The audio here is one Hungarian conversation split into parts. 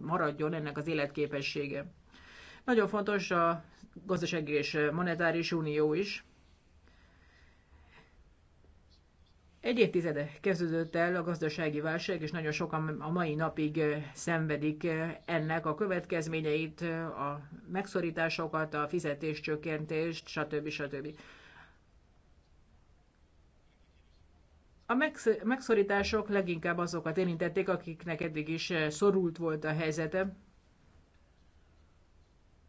maradjon ennek az életképessége. Nagyon fontos a gazdasági és monetáris unió is. Egy évtizede kezdődött el a gazdasági válság, és nagyon sokan a mai napig szenvedik ennek a következményeit, a megszorításokat, a fizetéscsökkentést, stb. stb. A megszorítások leginkább azokat érintették, akiknek eddig is eh, szorult volt a helyzete,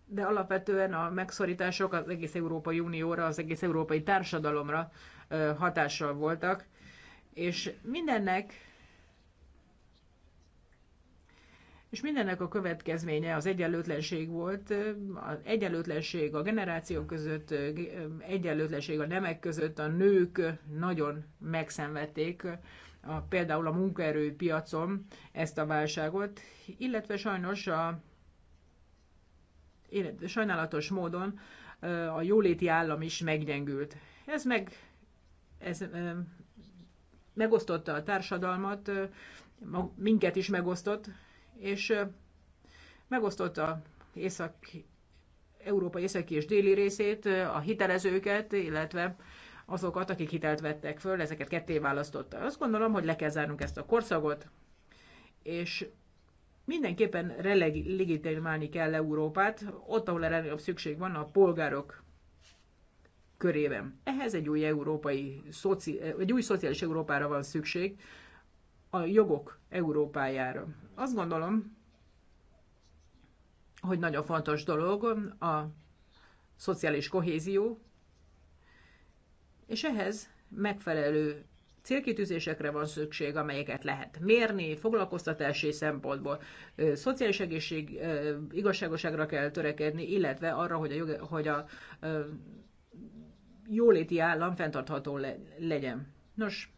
de alapvetően a megszorítások az egész Európai Unióra, az egész európai társadalomra eh, hatással voltak, és mindennek és mindennek a következménye az egyenlőtlenség volt, az egyenlőtlenség a generációk között, egyenlőtlenség a nemek között, a nők nagyon megszenvedték a, például a munkaerőpiacon ezt a válságot, illetve sajnos a illetve sajnálatos módon a jóléti állam is meggyengült. Ez meg ez megosztotta a társadalmat, minket is megosztott, és megosztotta észak, Európa északi és déli részét, a hitelezőket, illetve azokat, akik hitelt vettek föl, ezeket ketté választotta. Azt gondolom, hogy le kell zárnunk ezt a korszakot, és mindenképpen legitimálni kell Európát, ott, ahol a legnagyobb szükség van, a polgárok körében. Ehhez egy új európai, egy új szociális Európára van szükség, a jogok Európájára. Azt gondolom, hogy nagyon fontos dolog a szociális kohézió, és ehhez megfelelő célkitűzésekre van szükség, amelyeket lehet mérni, foglalkoztatási szempontból, szociális egészség, igazságoságra kell törekedni, illetve arra, hogy a, jog, hogy a jóléti állam fenntartható legyen. Nos,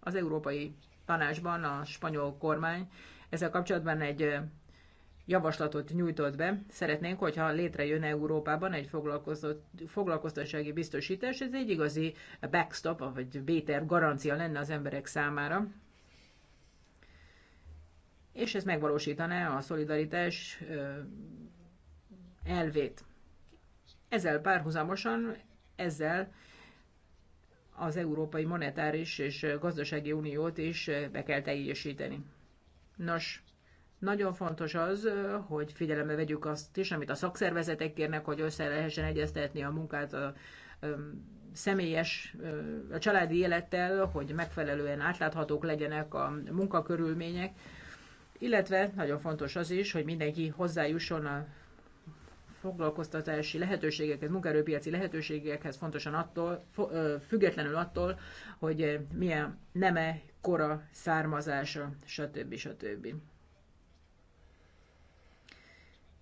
az európai tanácsban a spanyol kormány ezzel kapcsolatban egy javaslatot nyújtott be. Szeretnénk, hogyha létrejön Európában egy foglalkoztatási biztosítás, ez egy igazi backstop, vagy béter garancia lenne az emberek számára. És ez megvalósítaná a szolidaritás elvét. Ezzel párhuzamosan, ezzel az Európai Monetáris és Gazdasági Uniót is be kell teljesíteni. Nos, nagyon fontos az, hogy figyelembe vegyük azt is, amit a szakszervezetek kérnek, hogy össze lehessen egyeztetni a munkát a, személyes, a családi élettel, hogy megfelelően átláthatók legyenek a munkakörülmények, illetve nagyon fontos az is, hogy mindenki hozzájusson a foglalkoztatási lehetőségekhez, munkaerőpiaci lehetőségekhez fontosan attól, függetlenül attól, hogy milyen neme, kora, származása, stb. stb.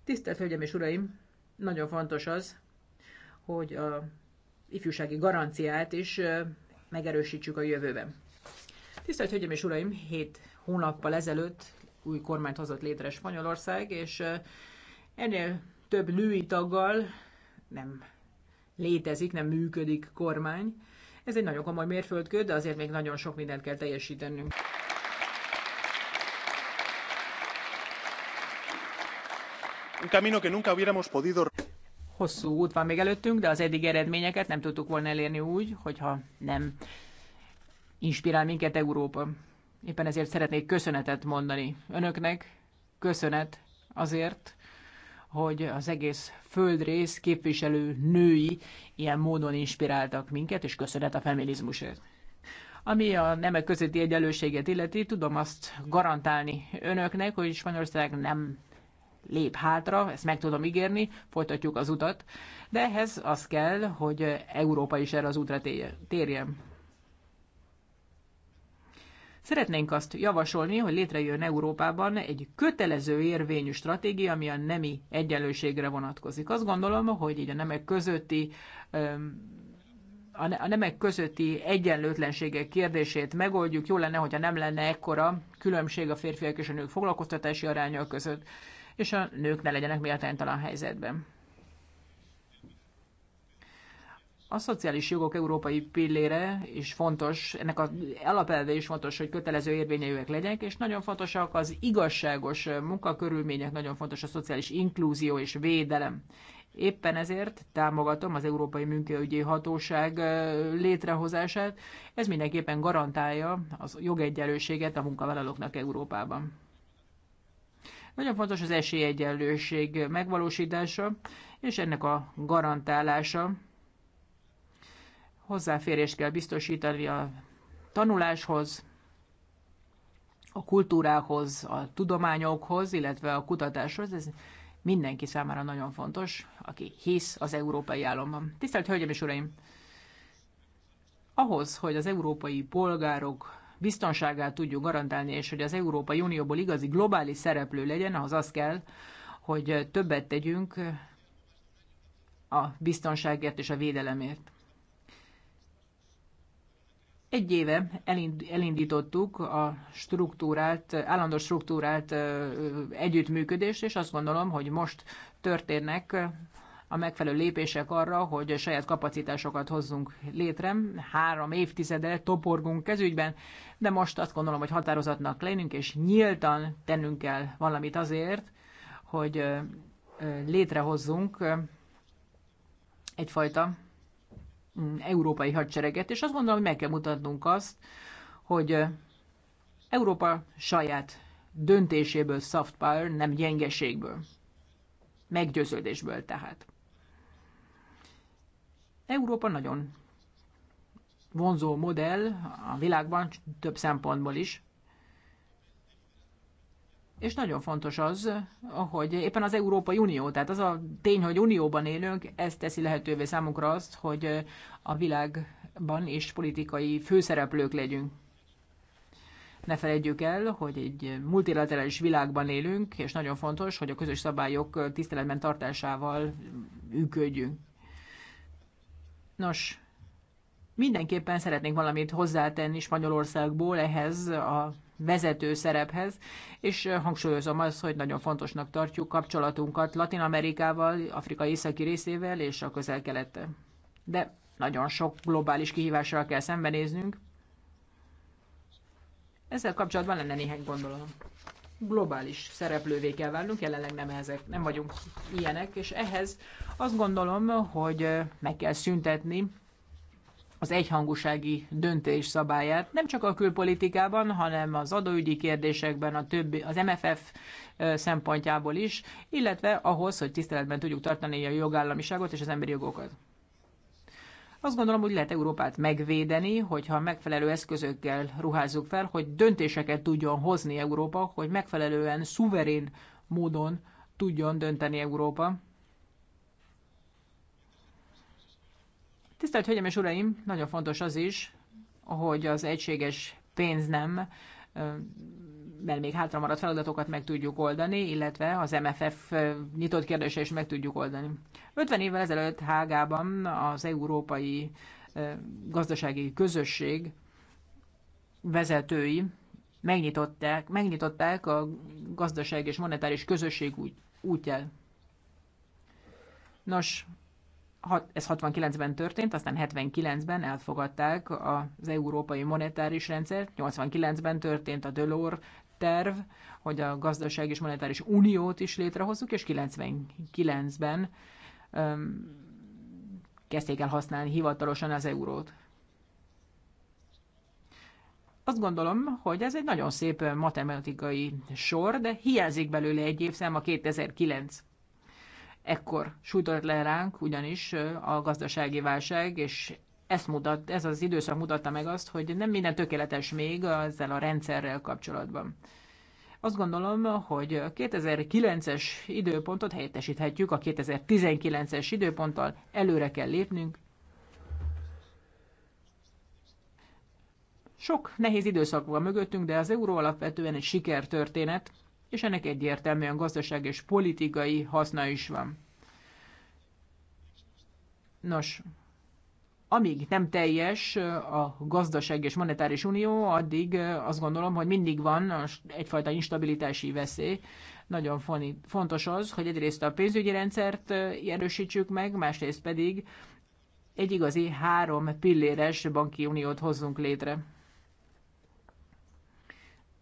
Tisztelt Hölgyeim és Uraim, nagyon fontos az, hogy a ifjúsági garanciát is megerősítsük a jövőben. Tisztelt Hölgyeim és Uraim, hét hónappal ezelőtt új kormányt hozott létre Spanyolország, és ennél több női taggal nem létezik, nem működik kormány. Ez egy nagyon komoly mérföldkő, de azért még nagyon sok mindent kell teljesítenünk. Un camino que nunca hubiéramos podido... Hosszú út van még előttünk, de az eddig eredményeket nem tudtuk volna elérni úgy, hogyha nem inspirál minket Európa. Éppen ezért szeretnék köszönetet mondani önöknek, köszönet azért, hogy az egész földrész képviselő női ilyen módon inspiráltak minket, és köszönet a feminizmusért. Ami a nemek közötti egyenlőséget illeti, tudom azt garantálni önöknek, hogy Spanyolország nem lép hátra, ezt meg tudom ígérni, folytatjuk az utat, de ehhez az kell, hogy Európa is erre az útra térjen. Szeretnénk azt javasolni, hogy létrejön Európában egy kötelező érvényű stratégia, ami a nemi egyenlőségre vonatkozik. Azt gondolom, hogy így a nemek közötti a nemek közötti egyenlőtlenségek kérdését megoldjuk. Jó lenne, hogyha nem lenne ekkora különbség a férfiak és a nők foglalkoztatási aránya között, és a nők ne legyenek méltánytalan helyzetben. A szociális jogok európai pillére is fontos, ennek az alapelve is fontos, hogy kötelező érvényeiek legyenek, és nagyon fontosak az igazságos munkakörülmények, nagyon fontos a szociális inklúzió és védelem. Éppen ezért támogatom az Európai Munkaügyi Hatóság létrehozását. Ez mindenképpen garantálja az jogegyenlőséget a munkavállalóknak Európában. Nagyon fontos az esélyegyenlőség megvalósítása és ennek a garantálása hozzáférést kell biztosítani a tanuláshoz, a kultúrához, a tudományokhoz, illetve a kutatáshoz. Ez mindenki számára nagyon fontos, aki hisz az európai államban. Tisztelt Hölgyeim és Uraim! Ahhoz, hogy az európai polgárok biztonságát tudjuk garantálni, és hogy az Európai Unióból igazi globális szereplő legyen, ahhoz az kell, hogy többet tegyünk a biztonságért és a védelemért. Egy éve elindítottuk a struktúrált, állandó struktúrált együttműködést, és azt gondolom, hogy most történnek a megfelelő lépések arra, hogy saját kapacitásokat hozzunk létre. Három évtizede toporgunk kezügyben, de most azt gondolom, hogy határozatnak lennünk, és nyíltan tennünk kell valamit azért, hogy létrehozzunk egyfajta európai hadsereget, és azt gondolom, hogy meg kell mutatnunk azt, hogy Európa saját döntéséből, soft power, nem gyengeségből. Meggyőződésből tehát. Európa nagyon vonzó modell a világban több szempontból is és nagyon fontos az, hogy éppen az Európai Unió, tehát az a tény, hogy unióban élünk, ez teszi lehetővé számunkra azt, hogy a világban is politikai főszereplők legyünk. Ne felejtjük el, hogy egy multilaterális világban élünk, és nagyon fontos, hogy a közös szabályok tiszteletben tartásával működjünk. Nos, mindenképpen szeretnénk valamit hozzátenni Spanyolországból ehhez a vezető szerephez, és hangsúlyozom azt, hogy nagyon fontosnak tartjuk kapcsolatunkat Latin Amerikával, Afrika északi részével és a közel-kelettel. De nagyon sok globális kihívással kell szembenéznünk. Ezzel kapcsolatban lenne néhány gondolom. Globális szereplővé kell válnunk, jelenleg nem ezek, nem vagyunk ilyenek, és ehhez azt gondolom, hogy meg kell szüntetni az egyhangúsági döntés szabályát, nem csak a külpolitikában, hanem az adóügyi kérdésekben, a többi, az MFF szempontjából is, illetve ahhoz, hogy tiszteletben tudjuk tartani a jogállamiságot és az emberi jogokat. Azt gondolom, hogy lehet Európát megvédeni, hogyha megfelelő eszközökkel ruházzuk fel, hogy döntéseket tudjon hozni Európa, hogy megfelelően szuverén módon tudjon dönteni Európa. Tisztelt Hölgyeim és Uraim, nagyon fontos az is, hogy az egységes pénz nem, mert még hátra maradt feladatokat meg tudjuk oldani, illetve az MFF nyitott kérdése is meg tudjuk oldani. 50 évvel ezelőtt Hágában az Európai Gazdasági Közösség vezetői megnyitották, megnyitották a gazdaság és monetáris közösség útját. Nos, ez 69-ben történt, aztán 79-ben elfogadták az európai monetáris rendszert, 89-ben történt a Delors terv, hogy a gazdaság és monetáris uniót is létrehozzuk, és 99-ben um, kezdték el használni hivatalosan az eurót. Azt gondolom, hogy ez egy nagyon szép matematikai sor, de hiányzik belőle egy évszám a 2009. Ekkor sújtott le ránk ugyanis a gazdasági válság, és ezt mutat, ez az időszak mutatta meg azt, hogy nem minden tökéletes még ezzel a rendszerrel kapcsolatban. Azt gondolom, hogy 2009-es időpontot helyettesíthetjük a 2019-es időponttal, előre kell lépnünk. Sok nehéz időszak van mögöttünk, de az euró alapvetően egy sikertörténet, és ennek egyértelműen gazdaság és politikai haszna is van. Nos, amíg nem teljes a gazdaság és monetáris unió, addig azt gondolom, hogy mindig van egyfajta instabilitási veszély. Nagyon fontos az, hogy egyrészt a pénzügyi rendszert erősítsük meg, másrészt pedig egy igazi három pilléres banki uniót hozzunk létre.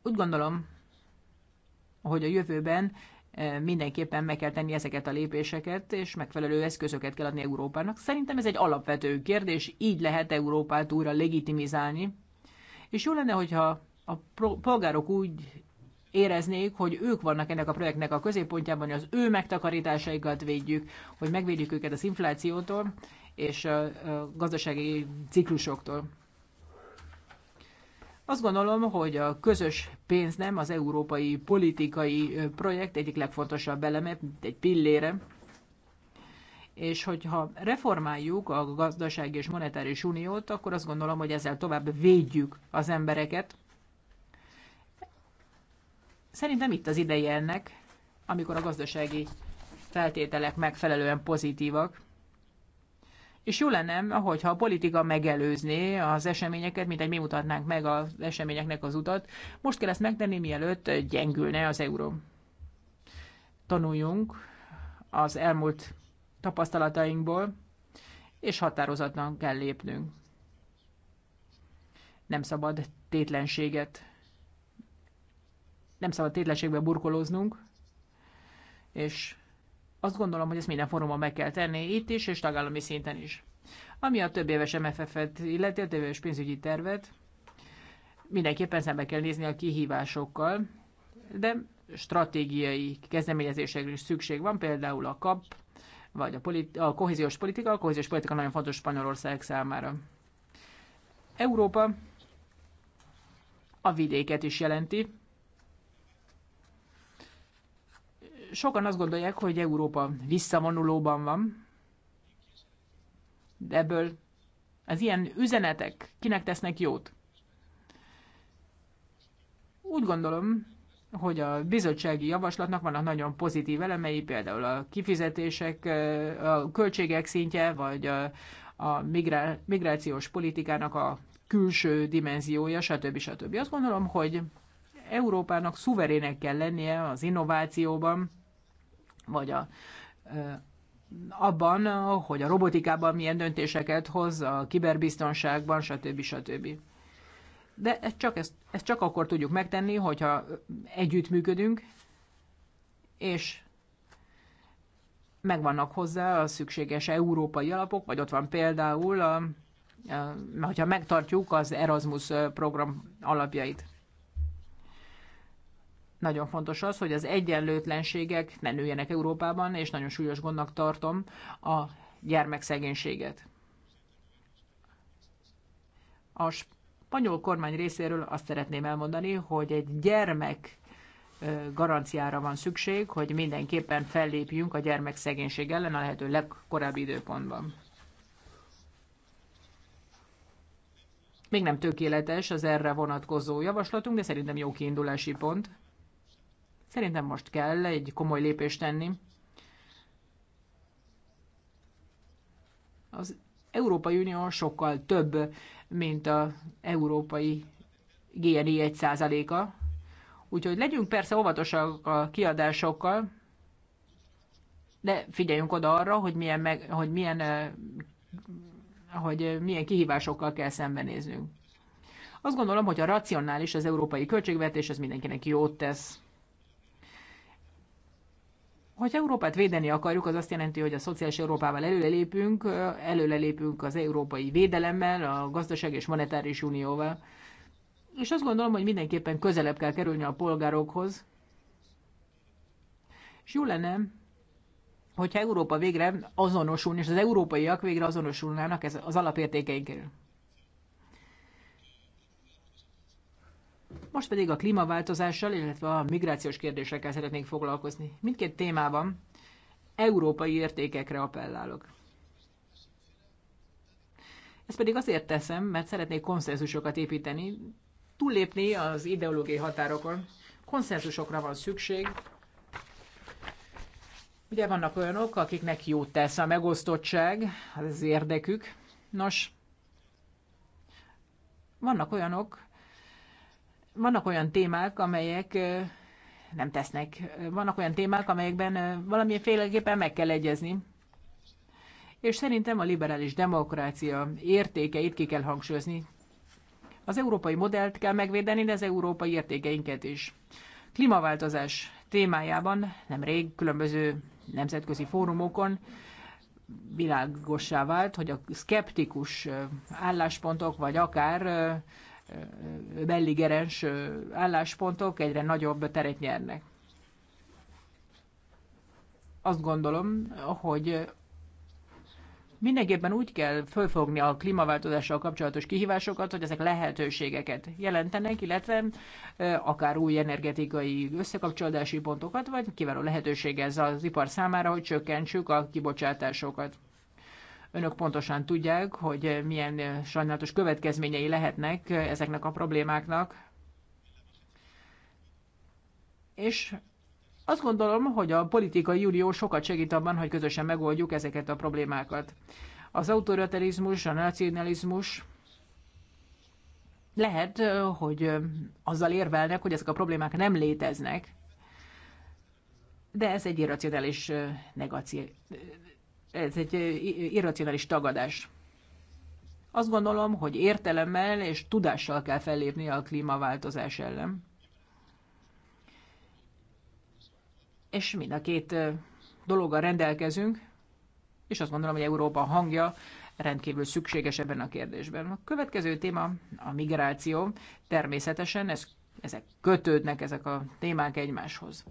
Úgy gondolom, hogy a jövőben eh, mindenképpen meg kell tenni ezeket a lépéseket, és megfelelő eszközöket kell adni Európának. Szerintem ez egy alapvető kérdés, így lehet Európát újra legitimizálni. És jó lenne, hogyha a polgárok úgy éreznék, hogy ők vannak ennek a projektnek a középpontjában, hogy az ő megtakarításaikat védjük, hogy megvédjük őket az inflációtól és a gazdasági ciklusoktól. Azt gondolom, hogy a közös pénz nem az európai politikai projekt egyik legfontosabb eleme, mint egy pillére. És hogyha reformáljuk a gazdasági és monetáris uniót, akkor azt gondolom, hogy ezzel tovább védjük az embereket. Szerintem itt az ideje ennek, amikor a gazdasági feltételek megfelelően pozitívak. És jó lenne, ahogyha a politika megelőzné az eseményeket, mint egy mi mutatnánk meg az eseményeknek az utat. Most kell ezt megtenni, mielőtt gyengülne az euró. Tanuljunk az elmúlt tapasztalatainkból, és határozatlan kell lépnünk. Nem szabad tétlenséget, nem szabad tétlenségbe burkolóznunk, és azt gondolom, hogy ezt minden fórumon meg kell tenni, itt is, és tagállami szinten is. Ami a több éves MFF-et illeti, a több éves pénzügyi tervet, mindenképpen szembe kell nézni a kihívásokkal, de stratégiai kezdeményezésekre is szükség van, például a KAP, vagy a, politi- a kohéziós politika. A kohéziós politika nagyon fontos Spanyolország számára. Európa a vidéket is jelenti, sokan azt gondolják, hogy Európa visszavonulóban van, de ebből az ilyen üzenetek kinek tesznek jót? Úgy gondolom, hogy a bizottsági javaslatnak vannak nagyon pozitív elemei, például a kifizetések, a költségek szintje, vagy a, a migrá- migrációs politikának a külső dimenziója, stb. stb. Azt gondolom, hogy Európának szuverének kell lennie az innovációban, vagy a, abban, hogy a robotikában milyen döntéseket hoz, a kiberbiztonságban, stb. stb. De ezt csak, ezt, ezt csak akkor tudjuk megtenni, hogyha együttműködünk, és megvannak hozzá a szükséges európai alapok, vagy ott van például, a, a, hogyha megtartjuk az Erasmus program alapjait. Nagyon fontos az, hogy az egyenlőtlenségek ne nőjenek Európában, és nagyon súlyos gondnak tartom a gyermekszegénységet. A spanyol kormány részéről azt szeretném elmondani, hogy egy gyermek garanciára van szükség, hogy mindenképpen fellépjünk a gyermekszegénység ellen a lehető legkorábbi időpontban. Még nem tökéletes az erre vonatkozó javaslatunk, de szerintem jó kiindulási pont. Szerintem most kell egy komoly lépést tenni. Az Európai Unió sokkal több, mint az európai GNI 1%-a. Úgyhogy legyünk persze óvatosak a kiadásokkal, de figyeljünk oda arra, hogy milyen, meg, hogy milyen, hogy milyen kihívásokkal kell szembenéznünk. Azt gondolom, hogy a racionális az európai költségvetés, az mindenkinek jót tesz. Hogyha Európát védeni akarjuk, az azt jelenti, hogy a szociális Európával előrelépünk, előrelépünk az európai védelemmel, a gazdaság és monetáris unióval. És azt gondolom, hogy mindenképpen közelebb kell kerülni a polgárokhoz. És jó lenne, hogyha Európa végre azonosul, és az európaiak végre azonosulnának ez az alapértékeikkel. Most pedig a klímaváltozással, illetve a migrációs kérdésekkel szeretnék foglalkozni. Mindkét témában európai értékekre appellálok. Ezt pedig azért teszem, mert szeretnék konszenzusokat építeni, túllépni az ideológiai határokon. Konszenzusokra van szükség. Ugye vannak olyanok, akiknek jót tesz a megosztottság, az érdekük. Nos, vannak olyanok, vannak olyan témák, amelyek nem tesznek. Vannak olyan témák, amelyekben valamilyen féleképpen meg kell egyezni. És szerintem a liberális demokrácia értékeit ki kell hangsúlyozni. Az európai modellt kell megvédeni, de az európai értékeinket is. Klímaváltozás témájában nemrég különböző nemzetközi fórumokon világossá vált, hogy a skeptikus álláspontok, vagy akár belligerens álláspontok egyre nagyobb teret nyernek. Azt gondolom, hogy mindenképpen úgy kell fölfogni a klímaváltozással kapcsolatos kihívásokat, hogy ezek lehetőségeket jelentenek, illetve akár új energetikai összekapcsolódási pontokat, vagy kiváló lehetőség ez az ipar számára, hogy csökkentsük a kibocsátásokat. Önök pontosan tudják, hogy milyen sajnálatos következményei lehetnek ezeknek a problémáknak. És azt gondolom, hogy a politikai unió sokat segít abban, hogy közösen megoldjuk ezeket a problémákat. Az autoritarizmus, a nacionalizmus lehet, hogy azzal érvelnek, hogy ezek a problémák nem léteznek, de ez egy irracionális ez egy irracionális tagadás. Azt gondolom, hogy értelemmel és tudással kell fellépni a klímaváltozás ellen. És mind a két dologgal rendelkezünk, és azt gondolom, hogy Európa hangja rendkívül szükséges ebben a kérdésben. A következő téma a migráció. Természetesen ez, ezek kötődnek ezek a témák egymáshoz.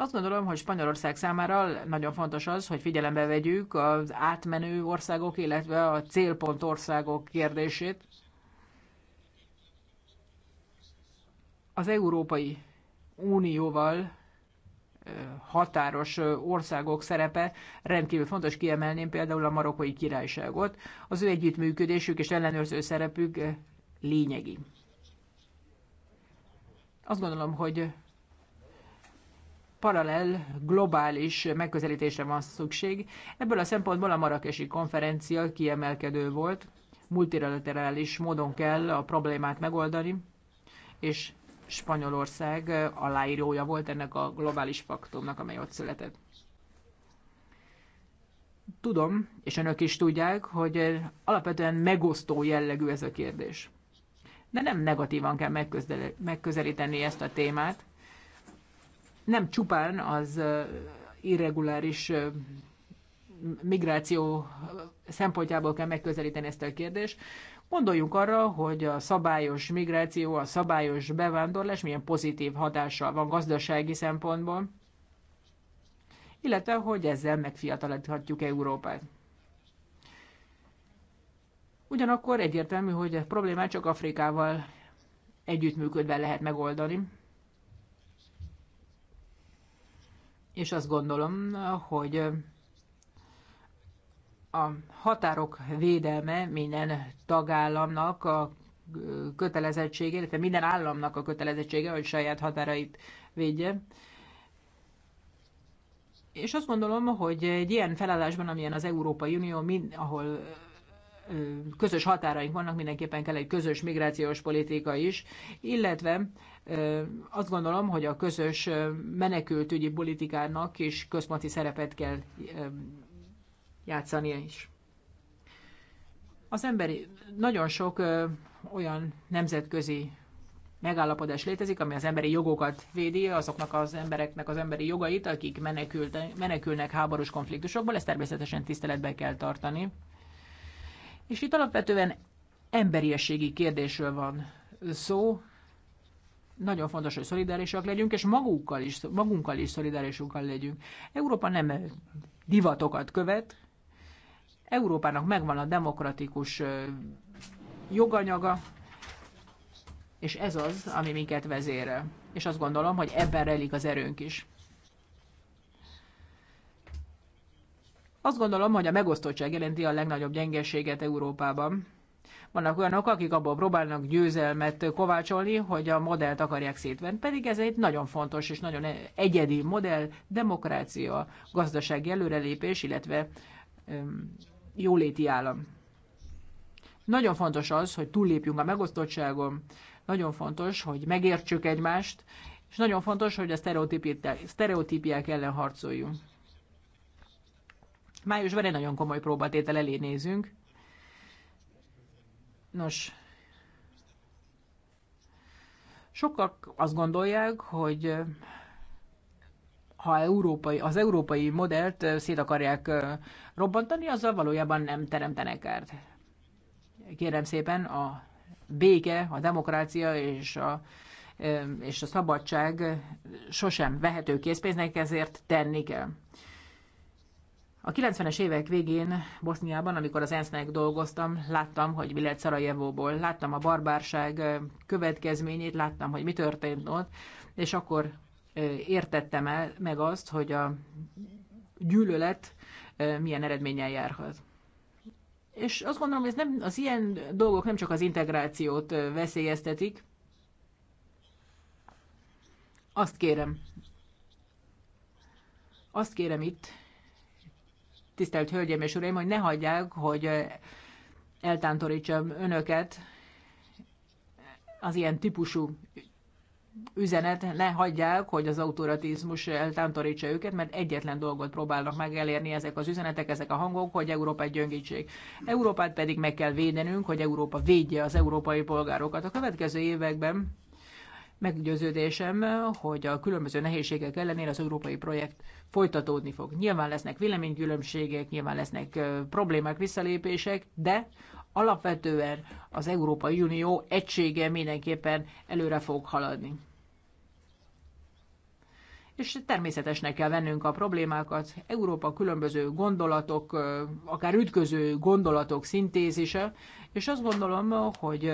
Azt gondolom, hogy Spanyolország számára nagyon fontos az, hogy figyelembe vegyük az átmenő országok, illetve a célpont országok kérdését. Az Európai Unióval határos országok szerepe rendkívül fontos kiemelném például a marokkai királyságot. Az ő együttműködésük és ellenőrző szerepük lényegi. Azt gondolom, hogy paralel, globális megközelítésre van szükség. Ebből a szempontból a marakesi konferencia kiemelkedő volt, multilaterális módon kell a problémát megoldani, és Spanyolország aláírója volt ennek a globális faktumnak, amely ott született. Tudom, és önök is tudják, hogy alapvetően megosztó jellegű ez a kérdés. De nem negatívan kell megközelíteni ezt a témát, nem csupán az irreguláris migráció szempontjából kell megközelíteni ezt a kérdést. Gondoljunk arra, hogy a szabályos migráció, a szabályos bevándorlás milyen pozitív hatással van gazdasági szempontból, illetve hogy ezzel megfiatalíthatjuk Európát. Ugyanakkor egyértelmű, hogy a problémát csak Afrikával együttműködve lehet megoldani. és azt gondolom, hogy a határok védelme minden tagállamnak a kötelezettsége, illetve minden államnak a kötelezettsége, hogy saját határait védje. És azt gondolom, hogy egy ilyen felállásban, amilyen az Európai Unió, mind, ahol közös határaink vannak, mindenképpen kell egy közös migrációs politika is, illetve azt gondolom, hogy a közös menekültügyi politikának is központi szerepet kell játszania is. Az emberi, nagyon sok olyan nemzetközi megállapodás létezik, ami az emberi jogokat védi, azoknak az embereknek az emberi jogait, akik menekülnek háborús konfliktusokból, ezt természetesen tiszteletben kell tartani. És itt alapvetően emberiességi kérdésről van szó. Nagyon fontos, hogy szolidárisak legyünk, és magukkal is, magunkkal is szolidárisokkal legyünk. Európa nem divatokat követ, Európának megvan a demokratikus joganyaga, és ez az, ami minket vezére. És azt gondolom, hogy ebben rejlik az erőnk is. Azt gondolom, hogy a megosztottság jelenti a legnagyobb gyengeséget Európában. Vannak olyanok, akik abból próbálnak győzelmet kovácsolni, hogy a modellt akarják szétvenni, pedig ez egy nagyon fontos és nagyon e- egyedi modell, demokrácia, gazdasági előrelépés, illetve öm, jóléti állam. Nagyon fontos az, hogy túllépjünk a megosztottságon, nagyon fontos, hogy megértsük egymást, és nagyon fontos, hogy a sztereotípiák ellen harcoljunk. Májusban egy nagyon komoly próbatétel elé nézünk. Nos, sokak azt gondolják, hogy ha európai, az európai modellt szét akarják robbantani, azzal valójában nem teremtenek kárt. Kérem szépen, a béke, a demokrácia és a, és a szabadság sosem vehető készpénznek, ezért tenni kell. A 90-es évek végén Boszniában, amikor az ensz dolgoztam, láttam, hogy mi lett Szarajevóból, láttam a barbárság következményét, láttam, hogy mi történt ott, és akkor értettem el meg azt, hogy a gyűlölet milyen eredménnyel járhat. És azt gondolom, hogy ez nem, az ilyen dolgok nem csak az integrációt veszélyeztetik. Azt kérem, azt kérem itt, tisztelt Hölgyeim és Uraim, hogy ne hagyják, hogy eltántorítsam önöket az ilyen típusú üzenet, ne hagyják, hogy az autoratizmus eltántorítsa őket, mert egyetlen dolgot próbálnak meg elérni ezek az üzenetek, ezek a hangok, hogy Európát gyöngítsék. Európát pedig meg kell védenünk, hogy Európa védje az európai polgárokat. A következő években Meggyőződésem, hogy a különböző nehézségek ellenére az európai projekt folytatódni fog. Nyilván lesznek véleménykülönbségek, nyilván lesznek problémák, visszalépések, de alapvetően az Európai Unió egysége mindenképpen előre fog haladni. És természetesnek kell vennünk a problémákat. Európa különböző gondolatok, akár ütköző gondolatok szintézise, és azt gondolom, hogy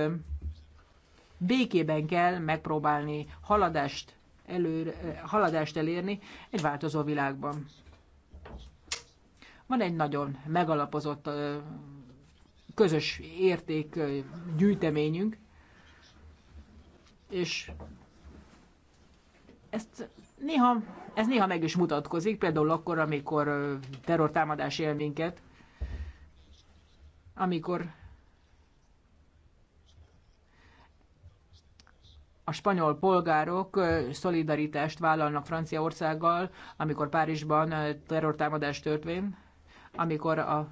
békében kell megpróbálni haladást, előre, haladást elérni egy változó világban. Van egy nagyon megalapozott közös érték gyűjteményünk, és ezt néha, ez néha meg is mutatkozik, például akkor, amikor terrortámadás él minket, amikor a spanyol polgárok szolidaritást vállalnak Franciaországgal, amikor Párizsban terrortámadás történt, amikor a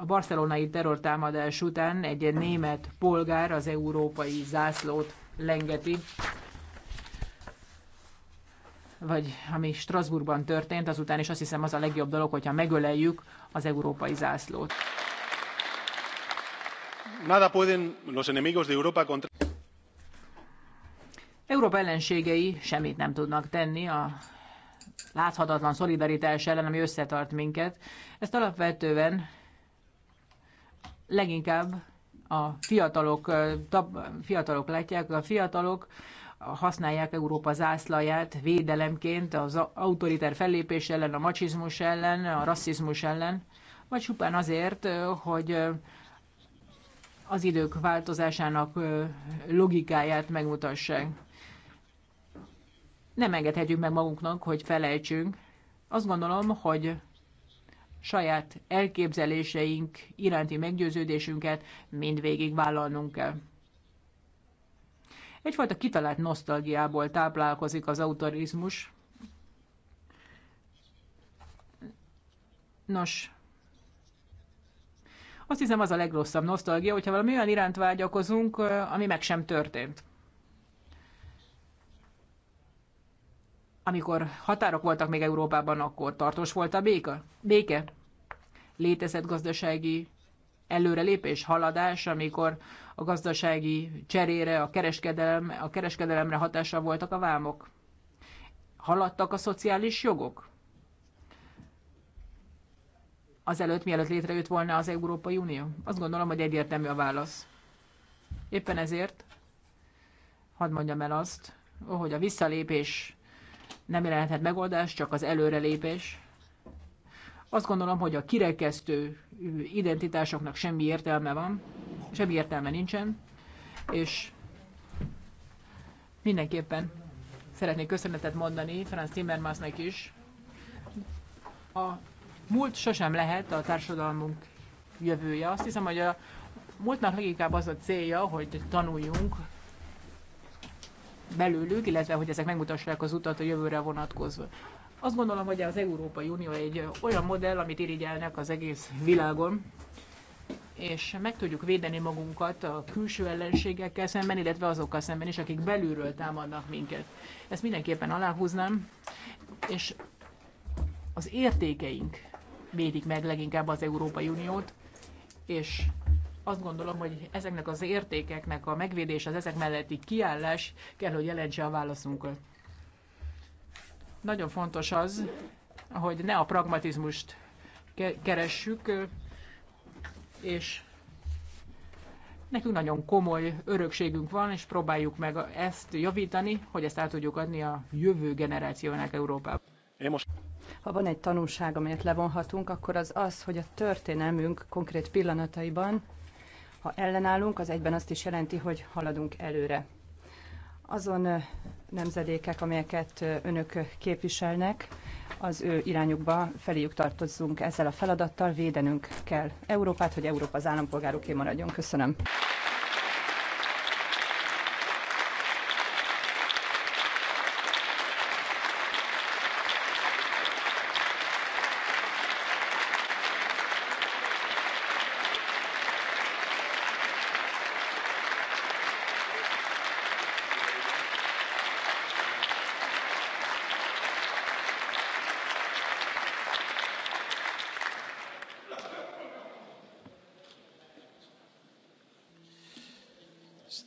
a barcelonai terrortámadás után egy német polgár az európai zászlót lengeti, vagy ami Strasbourgban történt, azután is azt hiszem az a legjobb dolog, hogyha megöleljük az európai zászlót. Nada pueden los enemigos de Europa contra Európa ellenségei semmit nem tudnak tenni a láthatatlan szolidaritás ellen, ami összetart minket. Ezt alapvetően leginkább a fiatalok, fiatalok látják, a fiatalok használják Európa zászlaját védelemként az autoriter fellépés ellen, a macsizmus ellen, a rasszizmus ellen, vagy csupán azért, hogy az idők változásának logikáját megmutassák nem engedhetjük meg magunknak, hogy felejtsünk. Azt gondolom, hogy saját elképzeléseink iránti meggyőződésünket mindvégig vállalnunk kell. Egyfajta kitalált nosztalgiából táplálkozik az autorizmus. Nos, azt hiszem az a legrosszabb nosztalgia, hogyha valami olyan iránt vágyakozunk, ami meg sem történt. amikor határok voltak még Európában, akkor tartós volt a béka, béke. Létezett gazdasági előrelépés, haladás, amikor a gazdasági cserére, a, kereskedelem, a kereskedelemre hatással voltak a vámok. Haladtak a szociális jogok. Azelőtt, mielőtt létrejött volna az Európai Unió. Azt gondolom, hogy egyértelmű a válasz. Éppen ezért, hadd mondjam el azt, hogy a visszalépés nem jelenthet megoldás, csak az előrelépés. Azt gondolom, hogy a kirekesztő identitásoknak semmi értelme van, semmi értelme nincsen, és mindenképpen szeretnék köszönetet mondani Franz Timmermansnak is. A múlt sosem lehet a társadalmunk jövője. Azt hiszem, hogy a múltnak leginkább az a célja, hogy tanuljunk belőlük, illetve hogy ezek megmutassák az utat a jövőre vonatkozva. Azt gondolom, hogy az Európai Unió egy olyan modell, amit irigyelnek az egész világon, és meg tudjuk védeni magunkat a külső ellenségekkel szemben, illetve azokkal szemben is, akik belülről támadnak minket. Ezt mindenképpen aláhúznám, és az értékeink védik meg leginkább az Európai Uniót, és azt gondolom, hogy ezeknek az értékeknek a megvédés, az ezek melletti kiállás kell, hogy jelentse a válaszunkat. Nagyon fontos az, hogy ne a pragmatizmust keressük, és nekünk nagyon komoly örökségünk van, és próbáljuk meg ezt javítani, hogy ezt át tudjuk adni a jövő generációnak Európában. Én most... Ha van egy tanulság, amelyet levonhatunk, akkor az az, hogy a történelmünk konkrét pillanataiban ha ellenállunk, az egyben azt is jelenti, hogy haladunk előre. Azon nemzedékek, amelyeket önök képviselnek, az ő irányukba feléjük tartozzunk ezzel a feladattal, védenünk kell Európát, hogy Európa az állampolgároké maradjon. Köszönöm.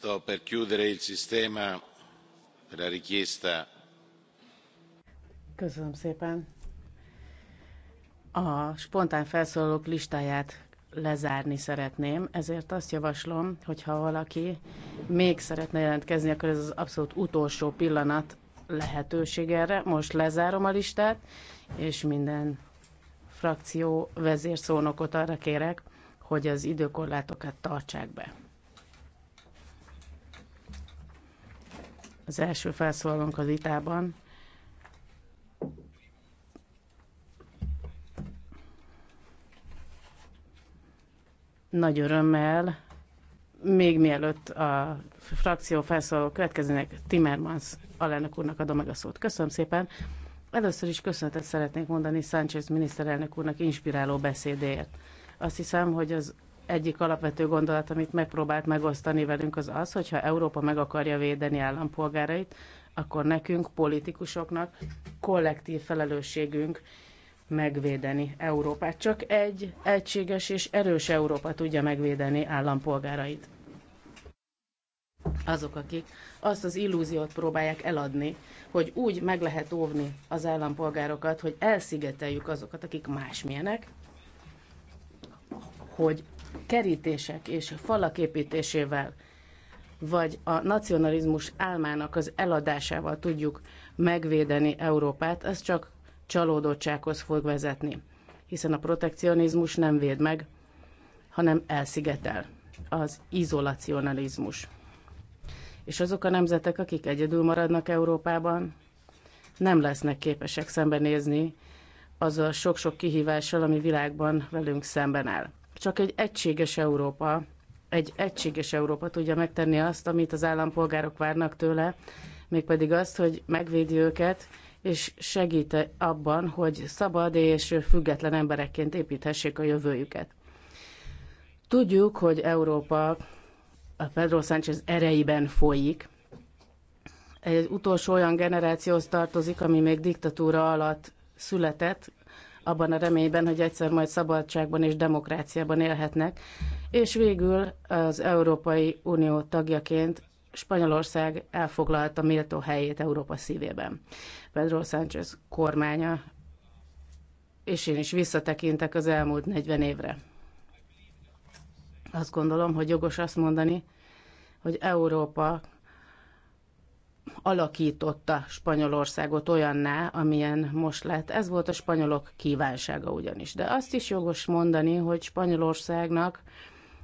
sto per chiudere il sistema per la richiesta. Köszönöm szépen. A spontán felszólalók listáját lezárni szeretném, ezért azt javaslom, hogy ha valaki még szeretne jelentkezni, akkor ez az abszolút utolsó pillanat lehetőség erre. Most lezárom a listát, és minden frakció vezérszónokot arra kérek, hogy az időkorlátokat tartsák be. az első felszólalónk a vitában. Nagy örömmel, még mielőtt a frakció felszólaló következőnek Timmermans alelnök úrnak adom meg a szót. Köszönöm szépen. Először is köszönetet szeretnék mondani Sánchez miniszterelnök úrnak inspiráló beszédéért. Azt hiszem, hogy az egyik alapvető gondolat, amit megpróbált megosztani velünk, az az, hogyha Európa meg akarja védeni állampolgárait, akkor nekünk, politikusoknak kollektív felelősségünk megvédeni Európát. Csak egy egységes és erős Európa tudja megvédeni állampolgárait. Azok, akik azt az illúziót próbálják eladni, hogy úgy meg lehet óvni az állampolgárokat, hogy elszigeteljük azokat, akik másmilyenek, hogy kerítések és falak építésével, vagy a nacionalizmus álmának az eladásával tudjuk megvédeni Európát, ez csak csalódottsághoz fog vezetni, hiszen a protekcionizmus nem véd meg, hanem elszigetel az izolacionalizmus. És azok a nemzetek, akik egyedül maradnak Európában, nem lesznek képesek szembenézni az sok-sok kihívással, ami világban velünk szemben áll. Csak egy egységes Európa, egy egységes Európa tudja megtenni azt, amit az állampolgárok várnak tőle, mégpedig azt, hogy megvédi őket, és segít abban, hogy szabad és független emberekként építhessék a jövőjüket. Tudjuk, hogy Európa a Pedro Sánchez ereiben folyik. Egy utolsó olyan generációhoz tartozik, ami még diktatúra alatt született, abban a reményben, hogy egyszer majd szabadságban és demokráciában élhetnek. És végül az Európai Unió tagjaként Spanyolország elfoglalta méltó helyét Európa szívében. Pedro Sánchez kormánya, és én is visszatekintek az elmúlt 40 évre. Azt gondolom, hogy jogos azt mondani, hogy Európa alakította Spanyolországot olyanná, amilyen most lett. Ez volt a spanyolok kívánsága ugyanis. De azt is jogos mondani, hogy Spanyolországnak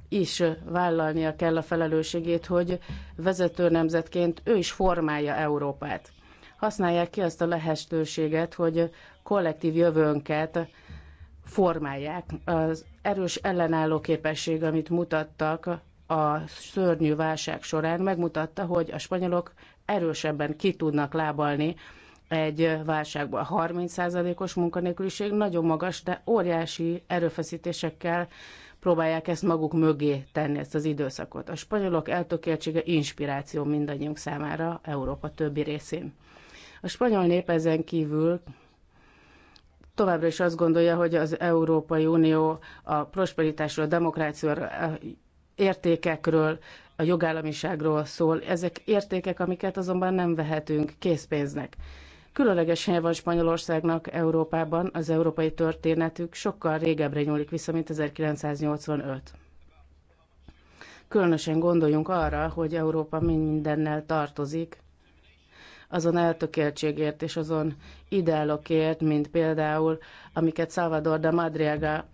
is vállalnia kell a felelősségét, hogy vezető nemzetként ő is formálja Európát. Használják ki azt a lehetőséget, hogy kollektív jövőnket formálják. Az erős ellenálló képesség, amit mutattak a szörnyű válság során, megmutatta, hogy a spanyolok erősebben ki tudnak lábalni egy válságban. 30%-os munkanélküliség nagyon magas, de óriási erőfeszítésekkel próbálják ezt maguk mögé tenni, ezt az időszakot. A spanyolok eltökéltsége inspiráció mindannyiunk számára Európa többi részén. A spanyol nép ezen kívül továbbra is azt gondolja, hogy az Európai Unió a prosperitásról, a demokráciáról, a értékekről a jogállamiságról szól. Ezek értékek, amiket azonban nem vehetünk készpénznek. Különleges helye van Spanyolországnak Európában, az európai történetük sokkal régebbre nyúlik vissza, mint 1985. Különösen gondoljunk arra, hogy Európa mindennel tartozik, azon eltökéltségért és azon ideálokért, mint például, amiket Salvador de Madriaga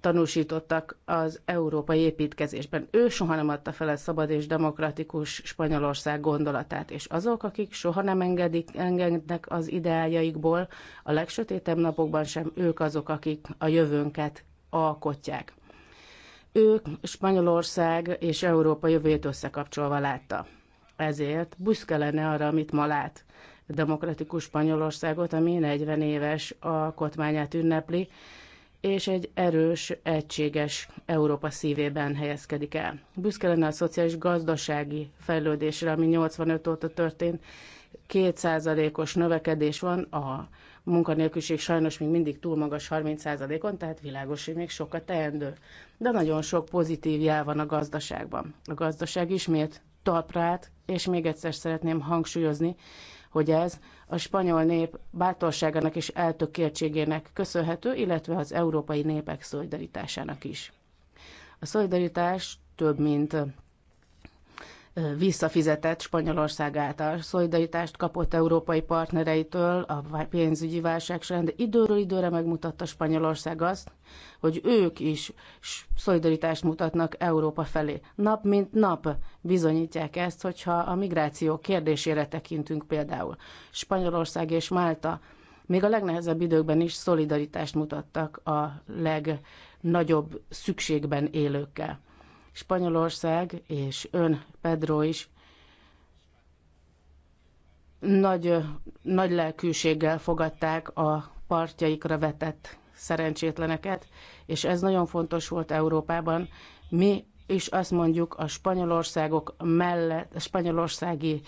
tanúsítottak az európai építkezésben. Ő soha nem adta fel a szabad és demokratikus Spanyolország gondolatát, és azok, akik soha nem engedik, engednek az ideájaikból, a legsötétebb napokban sem ők azok, akik a jövőnket alkotják. Ők Spanyolország és Európa jövőjét összekapcsolva látta. Ezért büszke lenne arra, amit ma lát. demokratikus Spanyolországot, ami 40 éves alkotmányát ünnepli, és egy erős, egységes Európa szívében helyezkedik el. Büszke lenne a szociális gazdasági fejlődésre, ami 85 óta történt. Kétszázalékos növekedés van, a munkanélküliség sajnos még mindig túl magas 30%-on, tehát világos, hogy még sokat teendő. De nagyon sok pozitív jel van a gazdaságban. A gazdaság ismét talprát, és még egyszer szeretném hangsúlyozni, hogy ez a spanyol nép bátorságának és eltökéltségének köszönhető, illetve az európai népek szolidaritásának is. A szolidaritás több, mint visszafizetett Spanyolország által. Szolidaritást kapott európai partnereitől a pénzügyi válság során, de időről időre megmutatta Spanyolország azt, hogy ők is szolidaritást mutatnak Európa felé. Nap mint nap bizonyítják ezt, hogyha a migráció kérdésére tekintünk például. Spanyolország és Málta még a legnehezebb időkben is szolidaritást mutattak a legnagyobb szükségben élőkkel. Spanyolország és ön, Pedro is nagy, nagy lelkűséggel fogadták a partjaikra vetett szerencsétleneket, és ez nagyon fontos volt Európában. Mi és azt mondjuk a spanyolországok mellett, a spanyolországi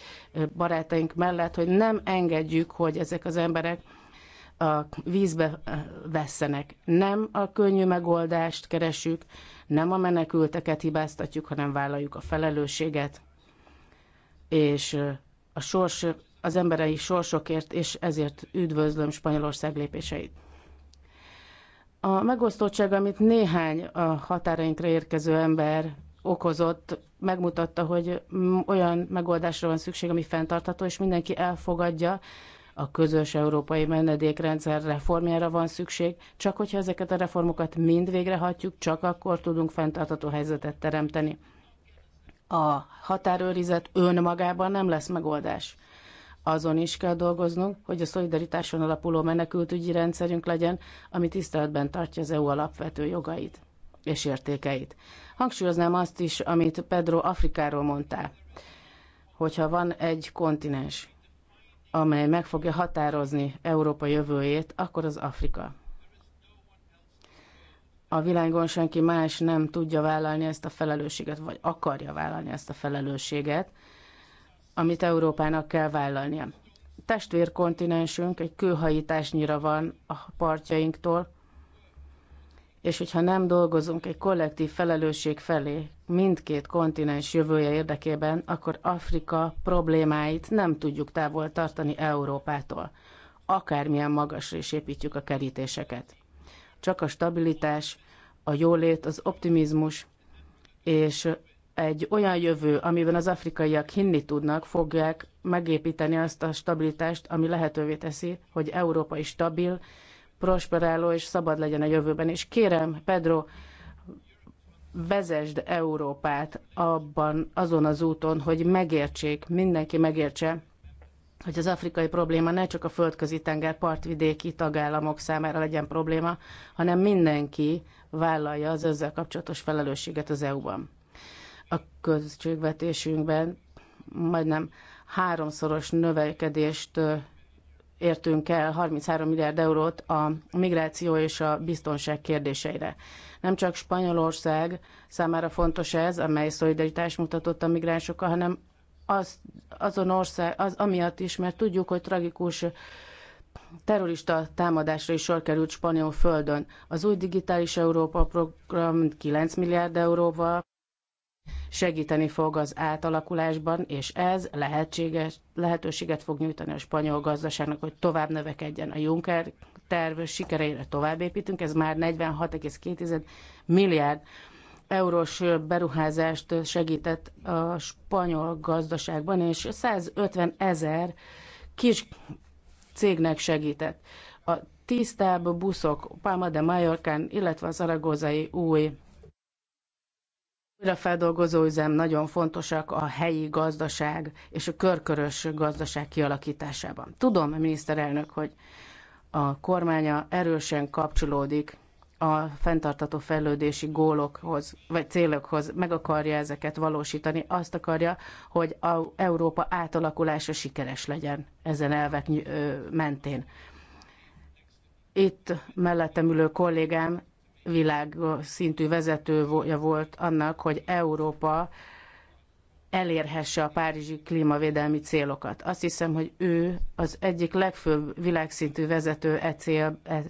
barátaink mellett, hogy nem engedjük, hogy ezek az emberek a vízbe eh, vesszenek. Nem a könnyű megoldást keresünk, nem a menekülteket hibáztatjuk, hanem vállaljuk a felelősséget, és eh, a sors, az emberei sorsokért, és ezért üdvözlöm Spanyolország lépéseit. A megosztottság, amit néhány a határainkra érkező ember okozott, megmutatta, hogy olyan megoldásra van szükség, ami fenntartható, és mindenki elfogadja, a közös európai menedékrendszer reformjára van szükség, csak hogyha ezeket a reformokat mind végrehajtjuk, csak akkor tudunk fenntartható helyzetet teremteni. A határőrizet önmagában nem lesz megoldás. Azon is kell dolgoznunk, hogy a szolidaritáson alapuló menekültügyi rendszerünk legyen, ami tiszteletben tartja az EU alapvető jogait és értékeit. Hangsúlyoznám azt is, amit Pedro Afrikáról mondtál, hogyha van egy kontinens, amely meg fogja határozni Európa jövőjét, akkor az Afrika. A világon senki más nem tudja vállalni ezt a felelősséget, vagy akarja vállalni ezt a felelősséget, amit Európának kell vállalnia testvérkontinensünk egy kőhajításnyira van a partjainktól, és hogyha nem dolgozunk egy kollektív felelősség felé mindkét kontinens jövője érdekében, akkor Afrika problémáit nem tudjuk távol tartani Európától, akármilyen magasra is építjük a kerítéseket. Csak a stabilitás, a jólét, az optimizmus és egy olyan jövő, amiben az afrikaiak hinni tudnak, fogják megépíteni azt a stabilitást, ami lehetővé teszi, hogy Európa is stabil, prosperáló és szabad legyen a jövőben. És kérem, Pedro, vezesd Európát abban, azon az úton, hogy megértsék, mindenki megértse, hogy az afrikai probléma ne csak a földközi tenger partvidéki tagállamok számára legyen probléma, hanem mindenki vállalja az ezzel kapcsolatos felelősséget az EU-ban. A költségvetésünkben majdnem háromszoros növekedést értünk el 33 milliárd eurót a migráció és a biztonság kérdéseire. Nem csak Spanyolország számára fontos ez, amely szolidaritást mutatott a migránsokkal, hanem az, azon ország, az amiatt is, mert tudjuk, hogy tragikus terrorista támadásra is sor került Spanyol földön. Az új digitális Európa program 9 milliárd euróval segíteni fog az átalakulásban, és ez lehetséges, lehetőséget fog nyújtani a spanyol gazdaságnak, hogy tovább növekedjen a Juncker terv sikereire tovább építünk. Ez már 46,2 milliárd eurós beruházást segített a spanyol gazdaságban, és 150 ezer kis cégnek segített. A tisztább buszok Palma de Mallorcán, illetve az aragózai új újrafeldolgozó üzem nagyon fontosak a helyi gazdaság és a körkörös gazdaság kialakításában. Tudom, miniszterelnök, hogy a kormánya erősen kapcsolódik a fenntartató fejlődési gólokhoz, vagy célokhoz, meg akarja ezeket valósítani, azt akarja, hogy a Európa átalakulása sikeres legyen ezen elvek mentén. Itt mellettem ülő kollégám világ szintű vezetője volt annak, hogy Európa elérhesse a párizsi klímavédelmi célokat. Azt hiszem, hogy ő az egyik legfőbb világszintű vezető e cél, e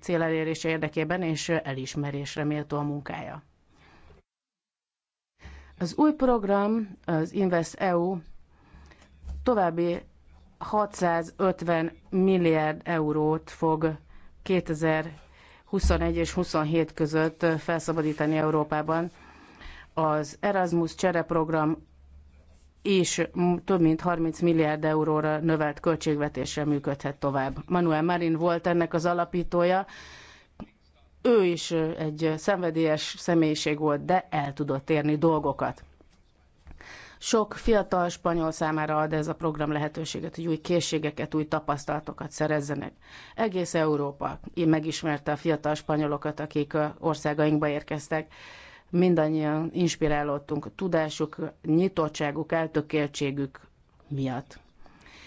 cél elérése érdekében, és elismerésre méltó a munkája. Az új program, az Invest EU további 650 milliárd eurót fog 2000 21 és 27 között felszabadítani Európában. Az Erasmus csereprogram és több mint 30 milliárd euróra növelt költségvetésre működhet tovább. Manuel Marin volt ennek az alapítója, ő is egy szenvedélyes személyiség volt, de el tudott érni dolgokat. Sok fiatal spanyol számára ad ez a program lehetőséget, hogy új készségeket, új tapasztalatokat szerezzenek. Egész Európa megismerte a fiatal spanyolokat, akik országainkba érkeztek. Mindannyian inspirálódtunk a tudásuk, nyitottságuk, eltökéltségük miatt.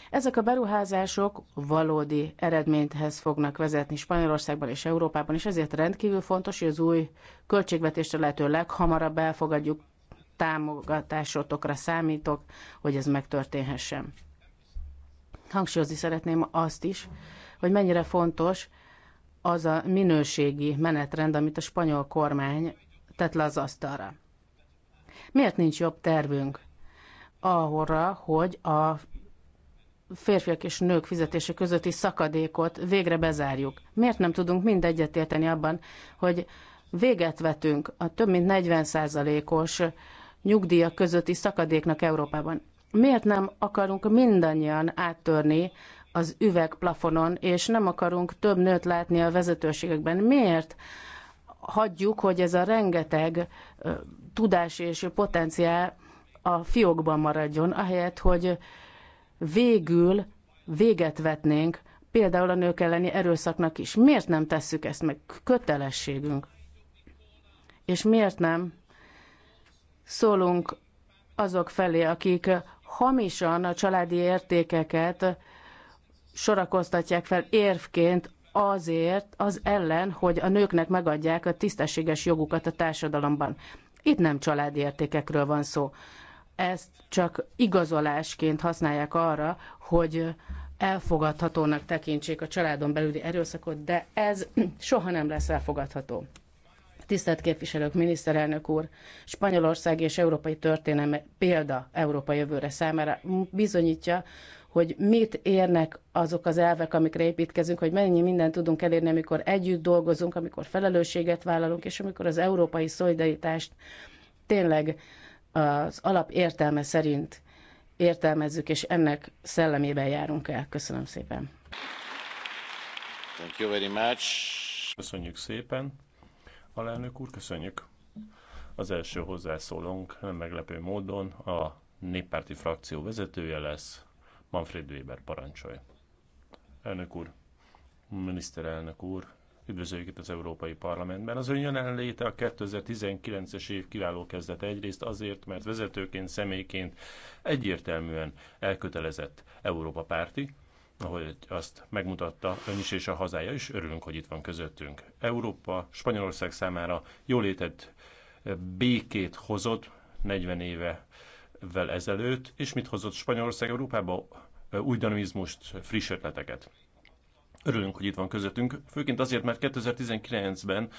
Ezek a beruházások valódi eredményhez fognak vezetni Spanyolországban és Európában, és ezért rendkívül fontos, hogy az új költségvetésre lehető leghamarabb elfogadjuk támogatásotokra számítok, hogy ez megtörténhessen. Hangsúlyozni szeretném azt is, hogy mennyire fontos az a minőségi menetrend, amit a spanyol kormány tett le az asztalra. Miért nincs jobb tervünk ahorra, hogy a férfiak és nők fizetése közötti szakadékot végre bezárjuk. Miért nem tudunk mind egyetérteni abban, hogy véget vetünk a több mint 40 os nyugdíjak közötti szakadéknak Európában. Miért nem akarunk mindannyian áttörni az üvegplafonon, és nem akarunk több nőt látni a vezetőségekben? Miért hagyjuk, hogy ez a rengeteg tudás és potenciál a fiókban maradjon, ahelyett, hogy végül véget vetnénk például a nők elleni erőszaknak is. Miért nem tesszük ezt meg? Kötelességünk. És miért nem szólunk azok felé, akik hamisan a családi értékeket sorakoztatják fel érvként azért, az ellen, hogy a nőknek megadják a tisztességes jogukat a társadalomban. Itt nem családi értékekről van szó. Ezt csak igazolásként használják arra, hogy elfogadhatónak tekintsék a családon belüli erőszakot, de ez soha nem lesz elfogadható. Tisztelt képviselők, miniszterelnök úr, Spanyolország és európai történelme példa Európa jövőre számára bizonyítja, hogy mit érnek azok az elvek, amikre építkezünk, hogy mennyi mindent tudunk elérni, amikor együtt dolgozunk, amikor felelősséget vállalunk, és amikor az európai szolidaritást tényleg az alap értelme szerint értelmezzük, és ennek szellemében járunk el. Köszönöm szépen. Thank you very much. Köszönjük szépen. Alelnök úr, köszönjük. Az első hozzászólónk nem meglepő módon a néppárti frakció vezetője lesz, Manfred Weber parancsolja. Elnök úr, miniszterelnök úr, üdvözöljük itt az Európai Parlamentben. Az ön jelenléte a 2019-es év kiváló kezdete egyrészt azért, mert vezetőként, személyként egyértelműen elkötelezett Európa párti, ahogy azt megmutatta ön is és a hazája is, örülünk, hogy itt van közöttünk. Európa Spanyolország számára jólétet eh, békét hozott 40 évevel ezelőtt, és mit hozott Spanyolország Európába? Eh, új dinamizmust, friss ötleteket. Örülünk, hogy itt van közöttünk, főként azért, mert 2019-ben eh,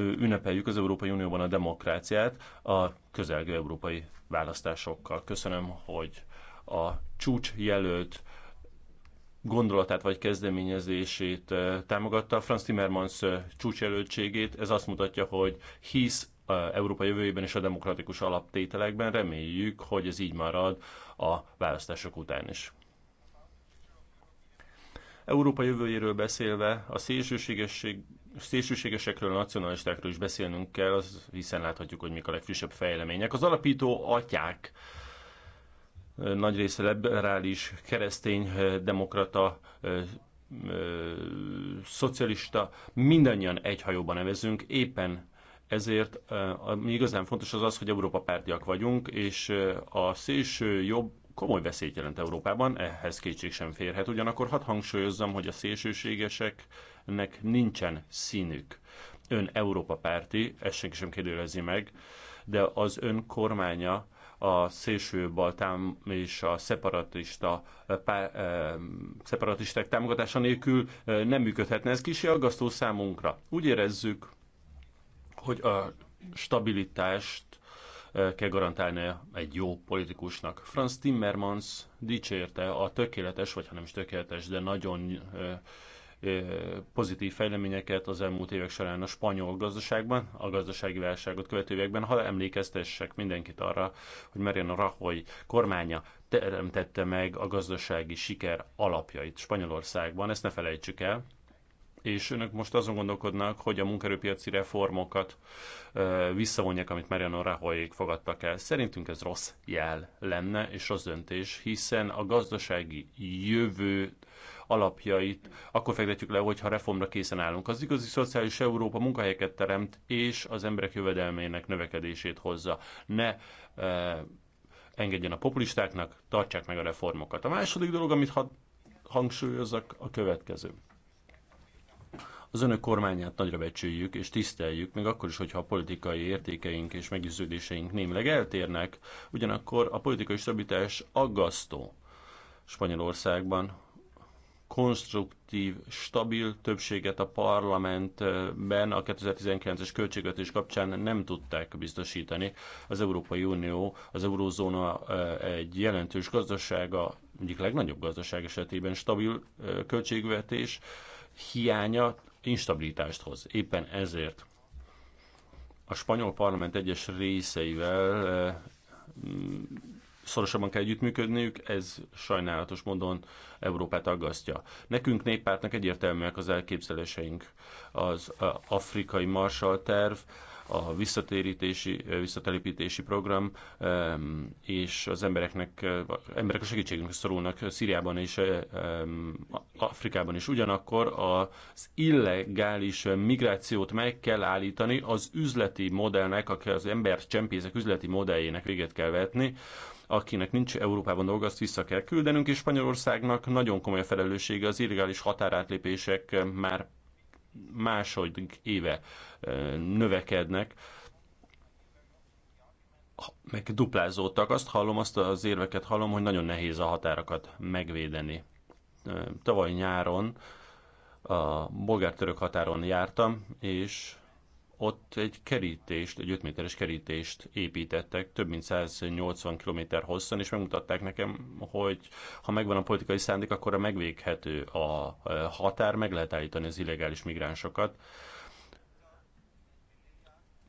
ünnepeljük az Európai Unióban a demokráciát a közelgő európai választásokkal. Köszönöm, hogy a csúcs jelölt gondolatát vagy kezdeményezését támogatta, Franz Timmermans csúcselődtségét. Ez azt mutatja, hogy hisz Európa jövőjében és a demokratikus alaptételekben. Reméljük, hogy ez így marad a választások után is. Európa jövőjéről beszélve a szélsőségesség szélsőségesekről, a nacionalistákról is beszélnünk kell, az, hiszen láthatjuk, hogy mik a legfrissebb fejlemények. Az alapító atyák nagy része liberális, keresztény, demokrata, szocialista, mindannyian egy hajóban nevezünk, éppen ezért ami igazán fontos az az, hogy Európa pártiak vagyunk, és a szélső jobb komoly veszélyt jelent Európában, ehhez kétség sem férhet. Ugyanakkor hadd hangsúlyozzam, hogy a szélsőségeseknek nincsen színük. Ön Európa párti, ezt senki sem kérdőlezi meg, de az ön kormánya a szélső baltám és a szeparatista, eh, pá, eh, szeparatisták támogatása nélkül eh, nem működhetne. Ez kicsi aggasztó számunkra. Úgy érezzük, hogy a stabilitást kell garantálni egy jó politikusnak. Franz Timmermans dicsérte a tökéletes, vagy ha nem is tökéletes, de nagyon pozitív fejleményeket az elmúlt évek során a spanyol gazdaságban, a gazdasági válságot követő években, ha emlékeztessek mindenkit arra, hogy Mariano Rajoy kormánya teremtette meg a gazdasági siker alapjait Spanyolországban, ezt ne felejtsük el, és önök most azon gondolkodnak, hogy a munkerőpiaci reformokat ö, visszavonják, amit Mariano Rajoyék fogadtak el. Szerintünk ez rossz jel lenne, és rossz döntés, hiszen a gazdasági jövő alapjait akkor fektetjük le, hogyha reformra készen állunk. Az igazi szociális Európa munkahelyeket teremt, és az emberek jövedelmének növekedését hozza. Ne e, engedjen a populistáknak, tartsák meg a reformokat. A második dolog, amit ha, hangsúlyozzak, a következő. Az önök kormányát nagyra becsüljük és tiszteljük, még akkor is, hogyha a politikai értékeink és meggyőződéseink némileg eltérnek, ugyanakkor a politikai stabilitás aggasztó Spanyolországban, konstruktív, stabil többséget a parlamentben a 2019-es költségvetés kapcsán nem tudták biztosítani. Az Európai Unió, az Eurózóna egy jelentős gazdasága, egyik legnagyobb gazdaság esetében stabil költségvetés hiánya instabilitást hoz. Éppen ezért a spanyol parlament egyes részeivel szorosabban kell együttműködniük, ez sajnálatos módon Európát aggasztja. Nekünk néppártnak egyértelműek az elképzeléseink. Az afrikai Marshall terv, a visszatérítési, visszatelepítési program, és az embereknek, emberek a segítségünkre szorulnak Szíriában és Afrikában is. Ugyanakkor az illegális migrációt meg kell állítani, az üzleti modellnek, az ember csempészek üzleti modelljének véget kell vetni, akinek nincs Európában dolga, azt vissza kell küldenünk, és Spanyolországnak nagyon komoly a felelőssége az illegális határátlépések már második éve növekednek megduplázódtak. Azt hallom, azt az érveket hallom, hogy nagyon nehéz a határokat megvédeni. Tavaly nyáron a bolgár-török határon jártam, és ott egy kerítést, egy 5 méteres kerítést építettek, több mint 180 km hosszan, és megmutatták nekem, hogy ha megvan a politikai szándék, akkor a megvéghető a határ, meg lehet állítani az illegális migránsokat.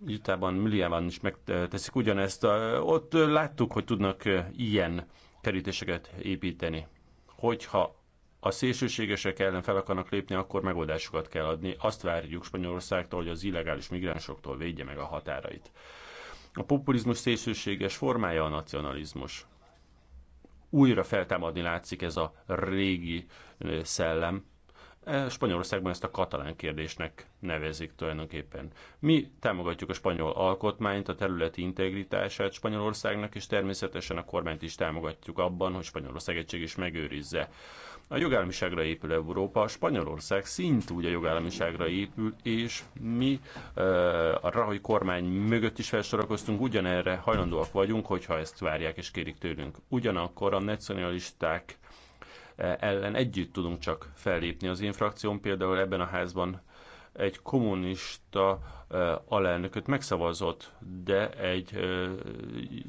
Jutában, Milliában is megteszik ugyanezt. Ott láttuk, hogy tudnak ilyen kerítéseket építeni. Hogyha a szélsőségesek ellen fel akarnak lépni, akkor megoldásokat kell adni. Azt várjuk Spanyolországtól, hogy az illegális migránsoktól védje meg a határait. A populizmus szélsőséges formája a nacionalizmus. Újra feltámadni látszik ez a régi szellem, Spanyolországban ezt a katalán kérdésnek nevezik tulajdonképpen. Mi támogatjuk a spanyol alkotmányt, a területi integritását Spanyolországnak, és természetesen a kormányt is támogatjuk abban, hogy Spanyolország egység is megőrizze. A jogállamiságra épül Európa, Spanyolország úgy a jogállamiságra épül, és mi a Rahoy kormány mögött is felsorakoztunk, ugyanerre hajlandóak vagyunk, hogyha ezt várják és kérik tőlünk. Ugyanakkor a nacionalisták E, ellen együtt tudunk csak fellépni. Az én frakción például ebben a házban egy kommunista e, alelnököt megszavazott, de egy e,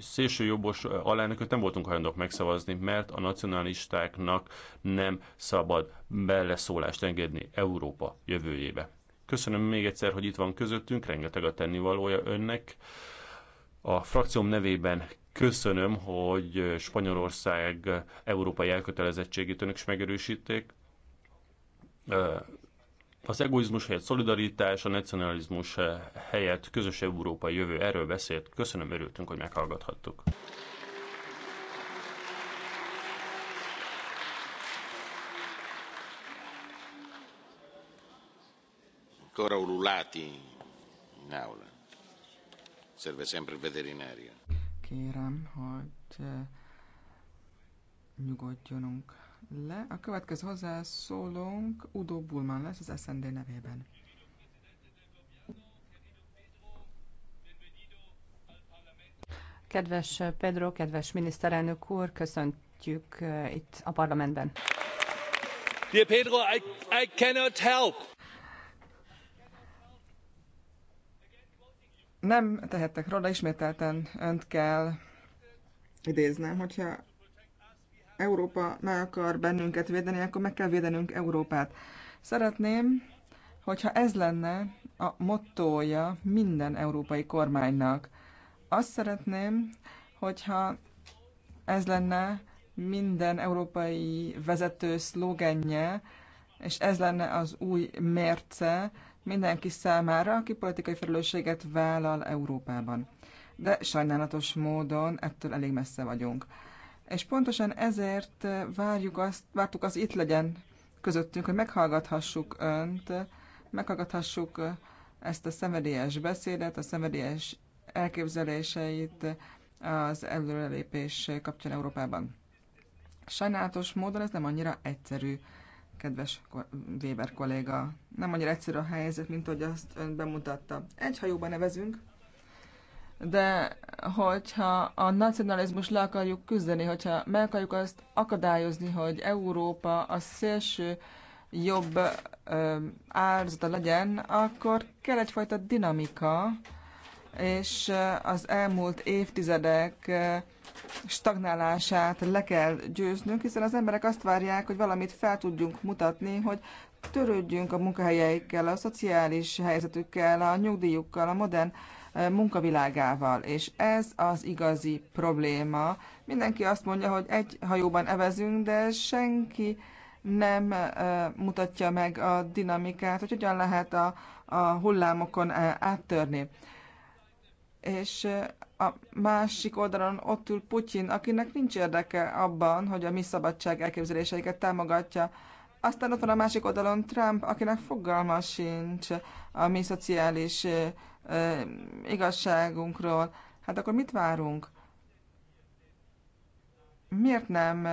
szélsőjobbos alelnököt nem voltunk hajlandók megszavazni, mert a nacionalistáknak nem szabad beleszólást engedni Európa jövőjébe. Köszönöm még egyszer, hogy itt van közöttünk, rengeteg a tennivalója önnek. A frakcióm nevében Köszönöm, hogy Spanyolország európai elkötelezettségét önök is megerősíték. Az egoizmus helyett szolidaritás, a nacionalizmus helyett közös európai jövő, erről beszélt. Köszönöm, örültünk, hogy meghallgathattuk. Ancora ululati in aula. Serve sempre il veterinario kérem, hogy eh, nyugodjonunk le. A következő hozzászólónk Udo Bulman lesz az SND nevében. Kedves Pedro, kedves miniszterelnök úr, köszöntjük eh, itt a parlamentben. Dear Pedro, I, I cannot help nem tehettek róla, ismételten önt kell idéznem, hogyha Európa meg akar bennünket védeni, akkor meg kell védenünk Európát. Szeretném, hogyha ez lenne a mottója minden európai kormánynak. Azt szeretném, hogyha ez lenne minden európai vezető szlogenje, és ez lenne az új mérce, mindenki számára, aki politikai felelősséget vállal Európában. De sajnálatos módon ettől elég messze vagyunk. És pontosan ezért várjuk azt, vártuk az itt legyen közöttünk, hogy meghallgathassuk önt, meghallgathassuk ezt a szenvedélyes beszédet, a szenvedélyes elképzeléseit az előrelépés kapcsán Európában. Sajnálatos módon ez nem annyira egyszerű kedves Weber kolléga. Nem annyira egyszerű a helyzet, mint hogy azt ön bemutatta. Egy hajóban nevezünk, de hogyha a nacionalizmus le akarjuk küzdeni, hogyha meg akarjuk azt akadályozni, hogy Európa a szélső jobb ö, áldozata legyen, akkor kell egyfajta dinamika, és az elmúlt évtizedek stagnálását le kell győznünk, hiszen az emberek azt várják, hogy valamit fel tudjunk mutatni, hogy törődjünk a munkahelyeikkel, a szociális helyzetükkel, a nyugdíjukkal, a modern munkavilágával, és ez az igazi probléma. Mindenki azt mondja, hogy egy hajóban evezünk, de senki nem mutatja meg a dinamikát, hogy hogyan lehet a, a hullámokon áttörni és a másik oldalon ott ül Putyin, akinek nincs érdeke abban, hogy a mi szabadság elképzeléseiket támogatja. Aztán ott van a másik oldalon Trump, akinek fogalma sincs a mi szociális ö, igazságunkról. Hát akkor mit várunk? Miért nem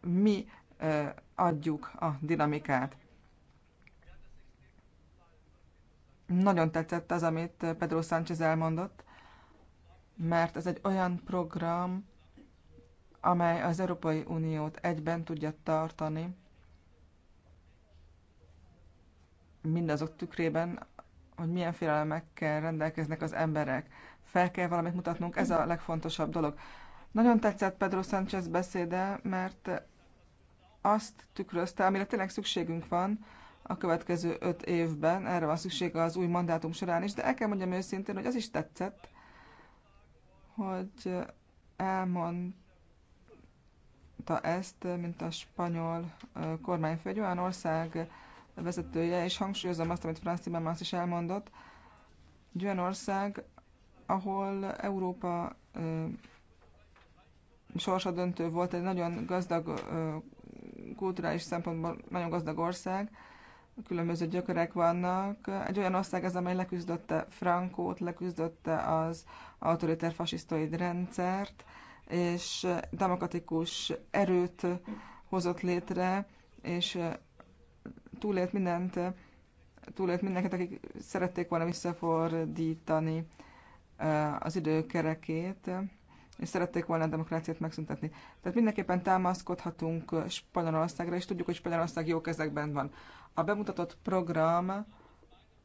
mi ö, adjuk a dinamikát? Nagyon tetszett az, amit Pedro Sánchez elmondott mert ez egy olyan program, amely az Európai Uniót egyben tudja tartani, mindazok tükrében, hogy milyen félelmekkel rendelkeznek az emberek. Fel kell valamit mutatnunk, ez a legfontosabb dolog. Nagyon tetszett Pedro Sánchez beszéde, mert azt tükrözte, amire tényleg szükségünk van a következő öt évben, erre van szükség az új mandátum során is, de el kell mondjam őszintén, hogy az is tetszett, hogy elmondta ezt, mint a spanyol kormányfő, egy olyan ország vezetője, és hangsúlyozom azt, amit Franz Timmermans is elmondott, egy olyan ország, ahol Európa sorsa döntő volt, egy nagyon gazdag, kulturális szempontból nagyon gazdag ország, különböző gyökerek vannak. Egy olyan ország ez, amely leküzdötte Frankót, leküzdötte az autoriter fasisztoid rendszert, és demokratikus erőt hozott létre, és túlélt mindent, túlélt mindenket, akik szerették volna visszafordítani az időkerekét, és szerették volna a demokráciát megszüntetni. Tehát mindenképpen támaszkodhatunk Spanyolországra, és tudjuk, hogy Spanyolország jó kezekben van. A bemutatott program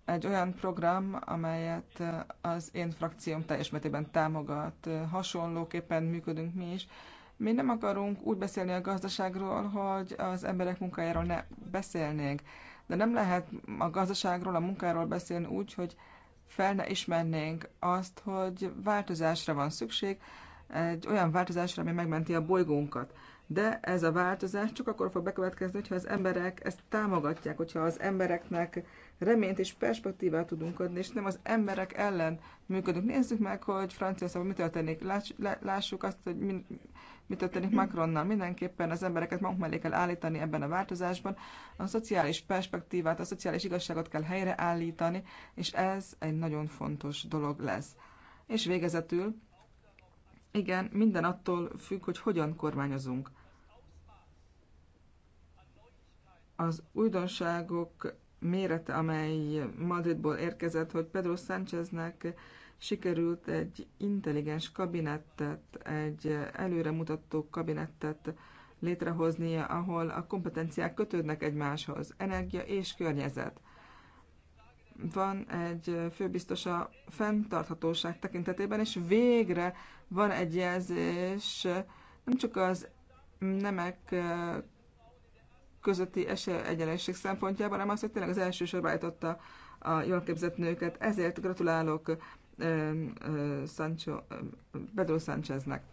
egy olyan program, amelyet az én frakcióm teljes mértékben támogat. Hasonlóképpen működünk mi is. Mi nem akarunk úgy beszélni a gazdaságról, hogy az emberek munkájáról ne beszélnénk. De nem lehet a gazdaságról, a munkáról beszélni úgy, hogy fel ne ismernénk azt, hogy változásra van szükség, egy olyan változásra, ami megmenti a bolygónkat de ez a változás csak akkor fog bekövetkezni, hogyha az emberek ezt támogatják, hogyha az embereknek reményt és perspektívát tudunk adni, és nem az emberek ellen működünk. Nézzük meg, hogy Franciaországban mi történik. Lássuk azt, hogy mi, mi történik Macronnal. Mindenképpen az embereket magunk mellé kell állítani ebben a változásban. A szociális perspektívát, a szociális igazságot kell helyreállítani, és ez egy nagyon fontos dolog lesz. És végezetül, igen, minden attól függ, hogy hogyan kormányozunk. az újdonságok mérete, amely Madridból érkezett, hogy Pedro Sáncheznek sikerült egy intelligens kabinettet, egy előremutató kabinettet létrehoznia, ahol a kompetenciák kötődnek egymáshoz, energia és környezet. Van egy főbiztos a fenntarthatóság tekintetében, és végre van egy jelzés nem csak az nemek közötti esélyegyenlőség szempontjából, hanem az, hogy tényleg az első sorba állította a jól képzett nőket. Ezért gratulálok eh, eh, Sancho, Pedro Sáncheznek.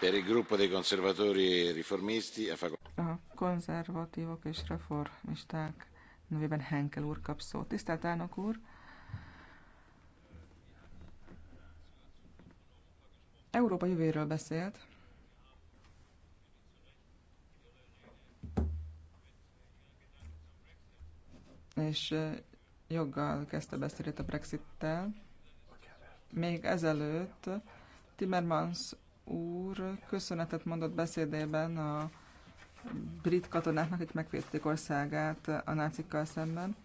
Per il gruppo dei conservatori e riformisti a konzervatívok és reformisták nevében Henkel úr kap szót. Tisztelt elnök úr! Európa jövőjéről beszélt, és joggal kezdte beszélét a Brexit-tel. Még ezelőtt Timmermans úr köszönetet mondott beszédében a brit katonáknak, akik megvédték országát a nácikkal szemben.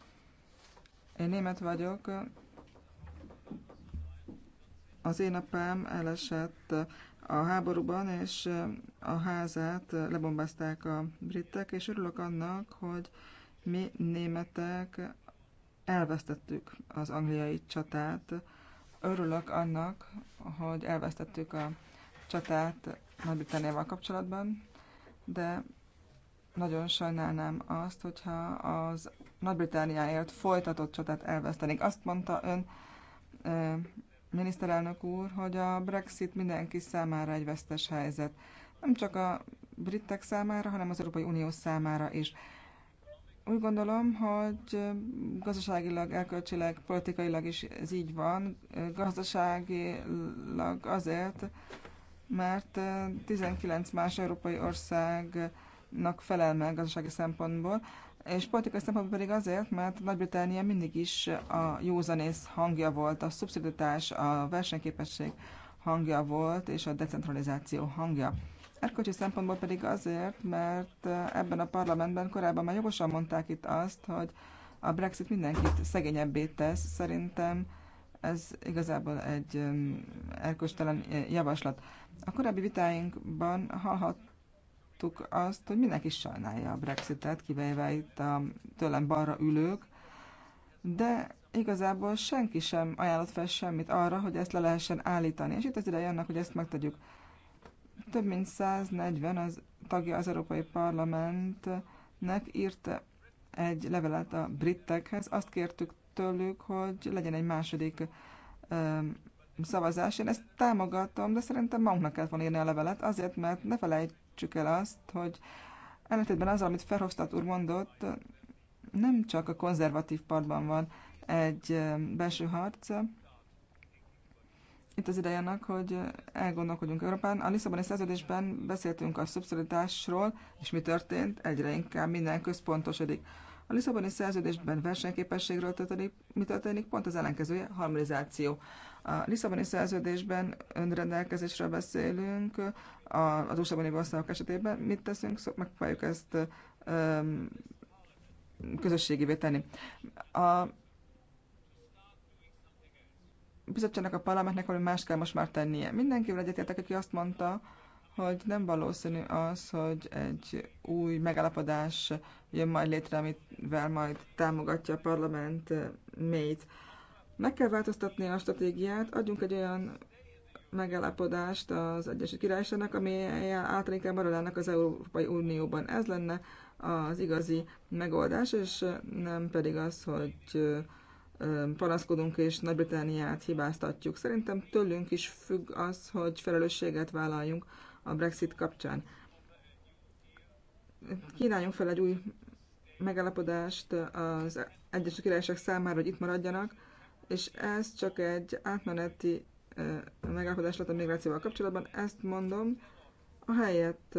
Én német vagyok, az én apám elesett a háborúban, és a házát lebombázták a britek, és örülök annak, hogy mi németek elvesztettük az angliai csatát. Örülök annak, hogy elvesztettük a csatát Nagy-Britanniával kapcsolatban, de nagyon sajnálnám azt, hogyha az Nagy-Britániáért folytatott csatát elvesztenénk. Azt mondta ön, miniszterelnök úr, hogy a Brexit mindenki számára egy vesztes helyzet. Nem csak a britek számára, hanem az Európai Unió számára is. Úgy gondolom, hogy gazdaságilag, elköltsileg, politikailag is ez így van. Gazdaságilag azért, mert 19 más európai országnak felel meg gazdasági szempontból, és politikai szempontból pedig azért, mert Nagy-Britannia mindig is a józanész hangja volt, a szubszidiatás, a versenyképesség hangja volt, és a decentralizáció hangja. Erkölcsi szempontból pedig azért, mert eh, ebben a parlamentben korábban már jogosan mondták itt azt, hogy a Brexit mindenkit szegényebbé tesz. Szerintem ez igazából egy erkölcstelen eh, javaslat. A korábbi vitáinkban hallhattuk azt, hogy mindenki sajnálja a Brexitet, kivéve itt a tőlem balra ülők, de igazából senki sem ajánlott fel semmit arra, hogy ezt le lehessen állítani. És itt az ideje annak, hogy ezt megtegyük. Több mint 140 az tagja az Európai Parlamentnek írt egy levelet a britekhez. Azt kértük tőlük, hogy legyen egy második szavazás. Én ezt támogatom, de szerintem magunknak kell volna írni a levelet, azért, mert ne felejtsük el azt, hogy ellentétben azzal, amit Verhofstadt úr mondott, nem csak a konzervatív partban van egy belső harc, itt az ideje annak, hogy elgondolkodjunk Európán. A Lisszaboni szerződésben beszéltünk a szubszidiásról, és mi történt, egyre inkább minden központosodik. A Lisszaboni szerződésben versenyképességről történik, mi történik, pont az ellenkezője, harmonizáció. A Lisszaboni szerződésben önrendelkezésről beszélünk, az USA-ban országok esetében mit teszünk, szóval megpróbáljuk ezt közösségévé tenni. A bizottságnak, a parlamentnek valami más kell most már tennie. Mindenkivel egyetértek, aki azt mondta, hogy nem valószínű az, hogy egy új megállapodás jön majd létre, amivel majd támogatja a parlament mélyt. Meg kell változtatni a stratégiát, adjunk egy olyan megállapodást az Egyesült Királyságnak, ami által inkább maradának az Európai Unióban. Ez lenne az igazi megoldás, és nem pedig az, hogy panaszkodunk és Nagy-Britániát hibáztatjuk. Szerintem tőlünk is függ az, hogy felelősséget vállaljunk a Brexit kapcsán. Kínáljunk fel egy új megállapodást az Egyesült Királyság számára, hogy itt maradjanak, és ez csak egy átmeneti megállapodás lett a migrációval kapcsolatban. Ezt mondom, a helyet,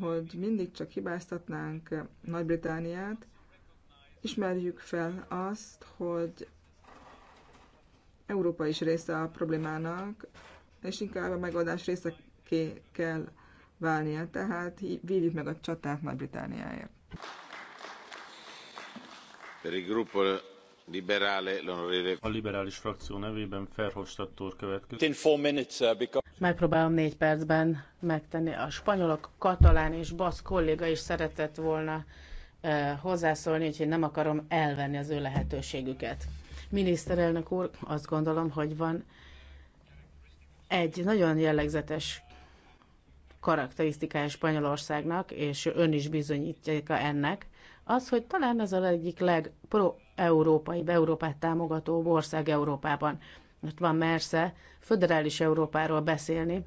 hogy mindig csak hibáztatnánk Nagy-Britániát, ismerjük fel azt, hogy Európa is része a problémának, és inkább a megoldás részeké kell válnia, tehát vívjuk meg a csatát Nagy-Britániáért. A liberális frakció nevében Ferhofstadt úr következik. Uh, Megpróbálom négy percben megtenni. A spanyolok, katalán és basz kolléga is szeretett volna uh, hozzászólni, úgyhogy nem akarom elvenni az ő lehetőségüket. Miniszterelnök úr, azt gondolom, hogy van egy nagyon jellegzetes karakterisztikája Spanyolországnak, és ön is bizonyítja ennek, az, hogy talán ez a egyik legpro-európai, Európát támogató ország Európában. Ott van mersze föderális Európáról beszélni,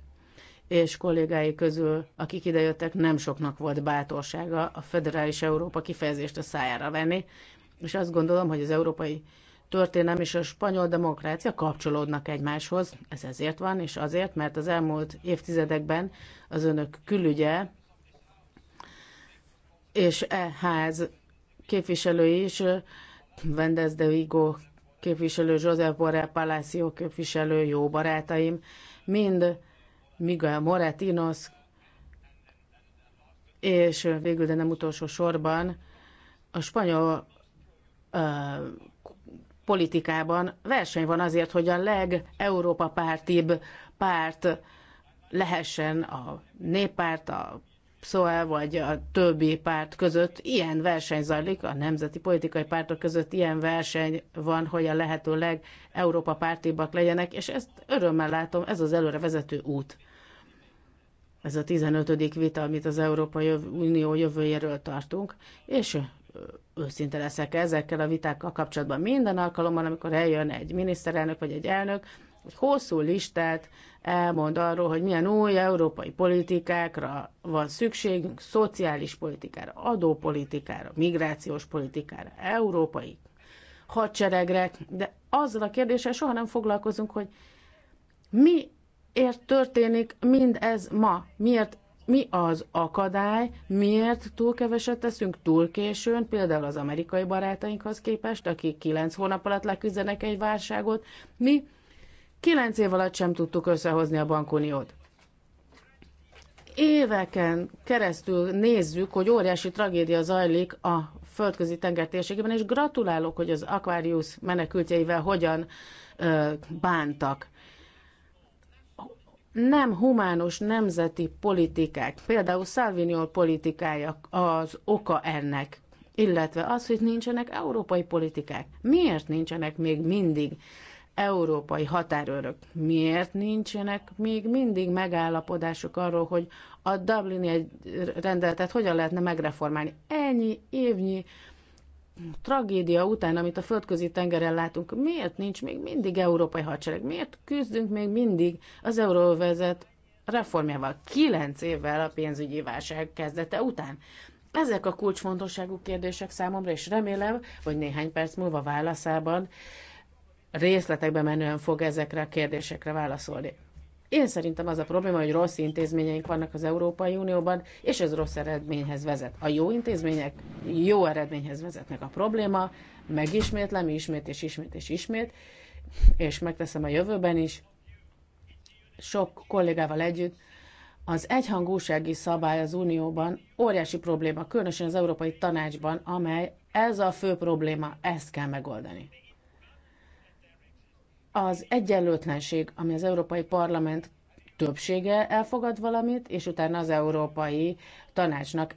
és kollégái közül, akik idejöttek, nem soknak volt bátorsága a föderális Európa kifejezést a szájára venni, és azt gondolom, hogy az európai történelem és a spanyol demokrácia kapcsolódnak egymáshoz. Ez ezért van, és azért, mert az elmúlt évtizedekben az önök külügye és e ház képviselői is, Vendez de Vigo képviselő, Josep Borrell Palacio képviselő, jó barátaim, mind Miguel Moretinos, és végül, de nem utolsó sorban, a spanyol uh, politikában verseny van azért, hogy a legeurópa pártibb párt lehessen a néppárt, a PSOE vagy a többi párt között. Ilyen verseny zajlik, a nemzeti politikai pártok között ilyen verseny van, hogy a lehető legeurópa pártibbak legyenek, és ezt örömmel látom, ez az előre vezető út. Ez a 15. vita, amit az Európai Unió jövőjéről tartunk, és őszinte leszek ezekkel a vitákkal kapcsolatban. Minden alkalommal, amikor eljön egy miniszterelnök vagy egy elnök, egy hosszú listát elmond arról, hogy milyen új európai politikákra van szükségünk, szociális politikára, adópolitikára, migrációs politikára, európai hadseregre, de azzal a kérdéssel soha nem foglalkozunk, hogy miért történik mindez ma, miért mi az akadály, miért túl keveset teszünk túl későn, például az amerikai barátainkhoz képest, akik kilenc hónap alatt leküzdenek egy válságot, mi kilenc év alatt sem tudtuk összehozni a bankuniót. Éveken keresztül nézzük, hogy óriási tragédia zajlik a földközi tenger térségében, és gratulálok, hogy az Aquarius menekültjeivel hogyan ö, bántak nem humánus nemzeti politikák, például Salvignol politikája az oka ennek, illetve az, hogy nincsenek európai politikák. Miért nincsenek még mindig európai határőrök? Miért nincsenek még mindig megállapodások arról, hogy a Dublini rendeletet hogyan lehetne megreformálni? Ennyi évnyi tragédia után, amit a földközi tengeren látunk, miért nincs még mindig európai hadsereg? Miért küzdünk még mindig az euróvezet reformjával, kilenc évvel a pénzügyi válság kezdete után? Ezek a kulcsfontosságú kérdések számomra, és remélem, hogy néhány perc múlva válaszában részletekbe menően fog ezekre a kérdésekre válaszolni. Én szerintem az a probléma, hogy rossz intézményeink vannak az Európai Unióban, és ez rossz eredményhez vezet. A jó intézmények jó eredményhez vezetnek a probléma, megismétlem ismét és ismét és ismét, és megteszem a jövőben is, sok kollégával együtt, az egyhangúsági szabály az Unióban óriási probléma, különösen az Európai Tanácsban, amely ez a fő probléma, ezt kell megoldani az egyenlőtlenség, ami az Európai Parlament többsége elfogad valamit, és utána az Európai Tanácsnak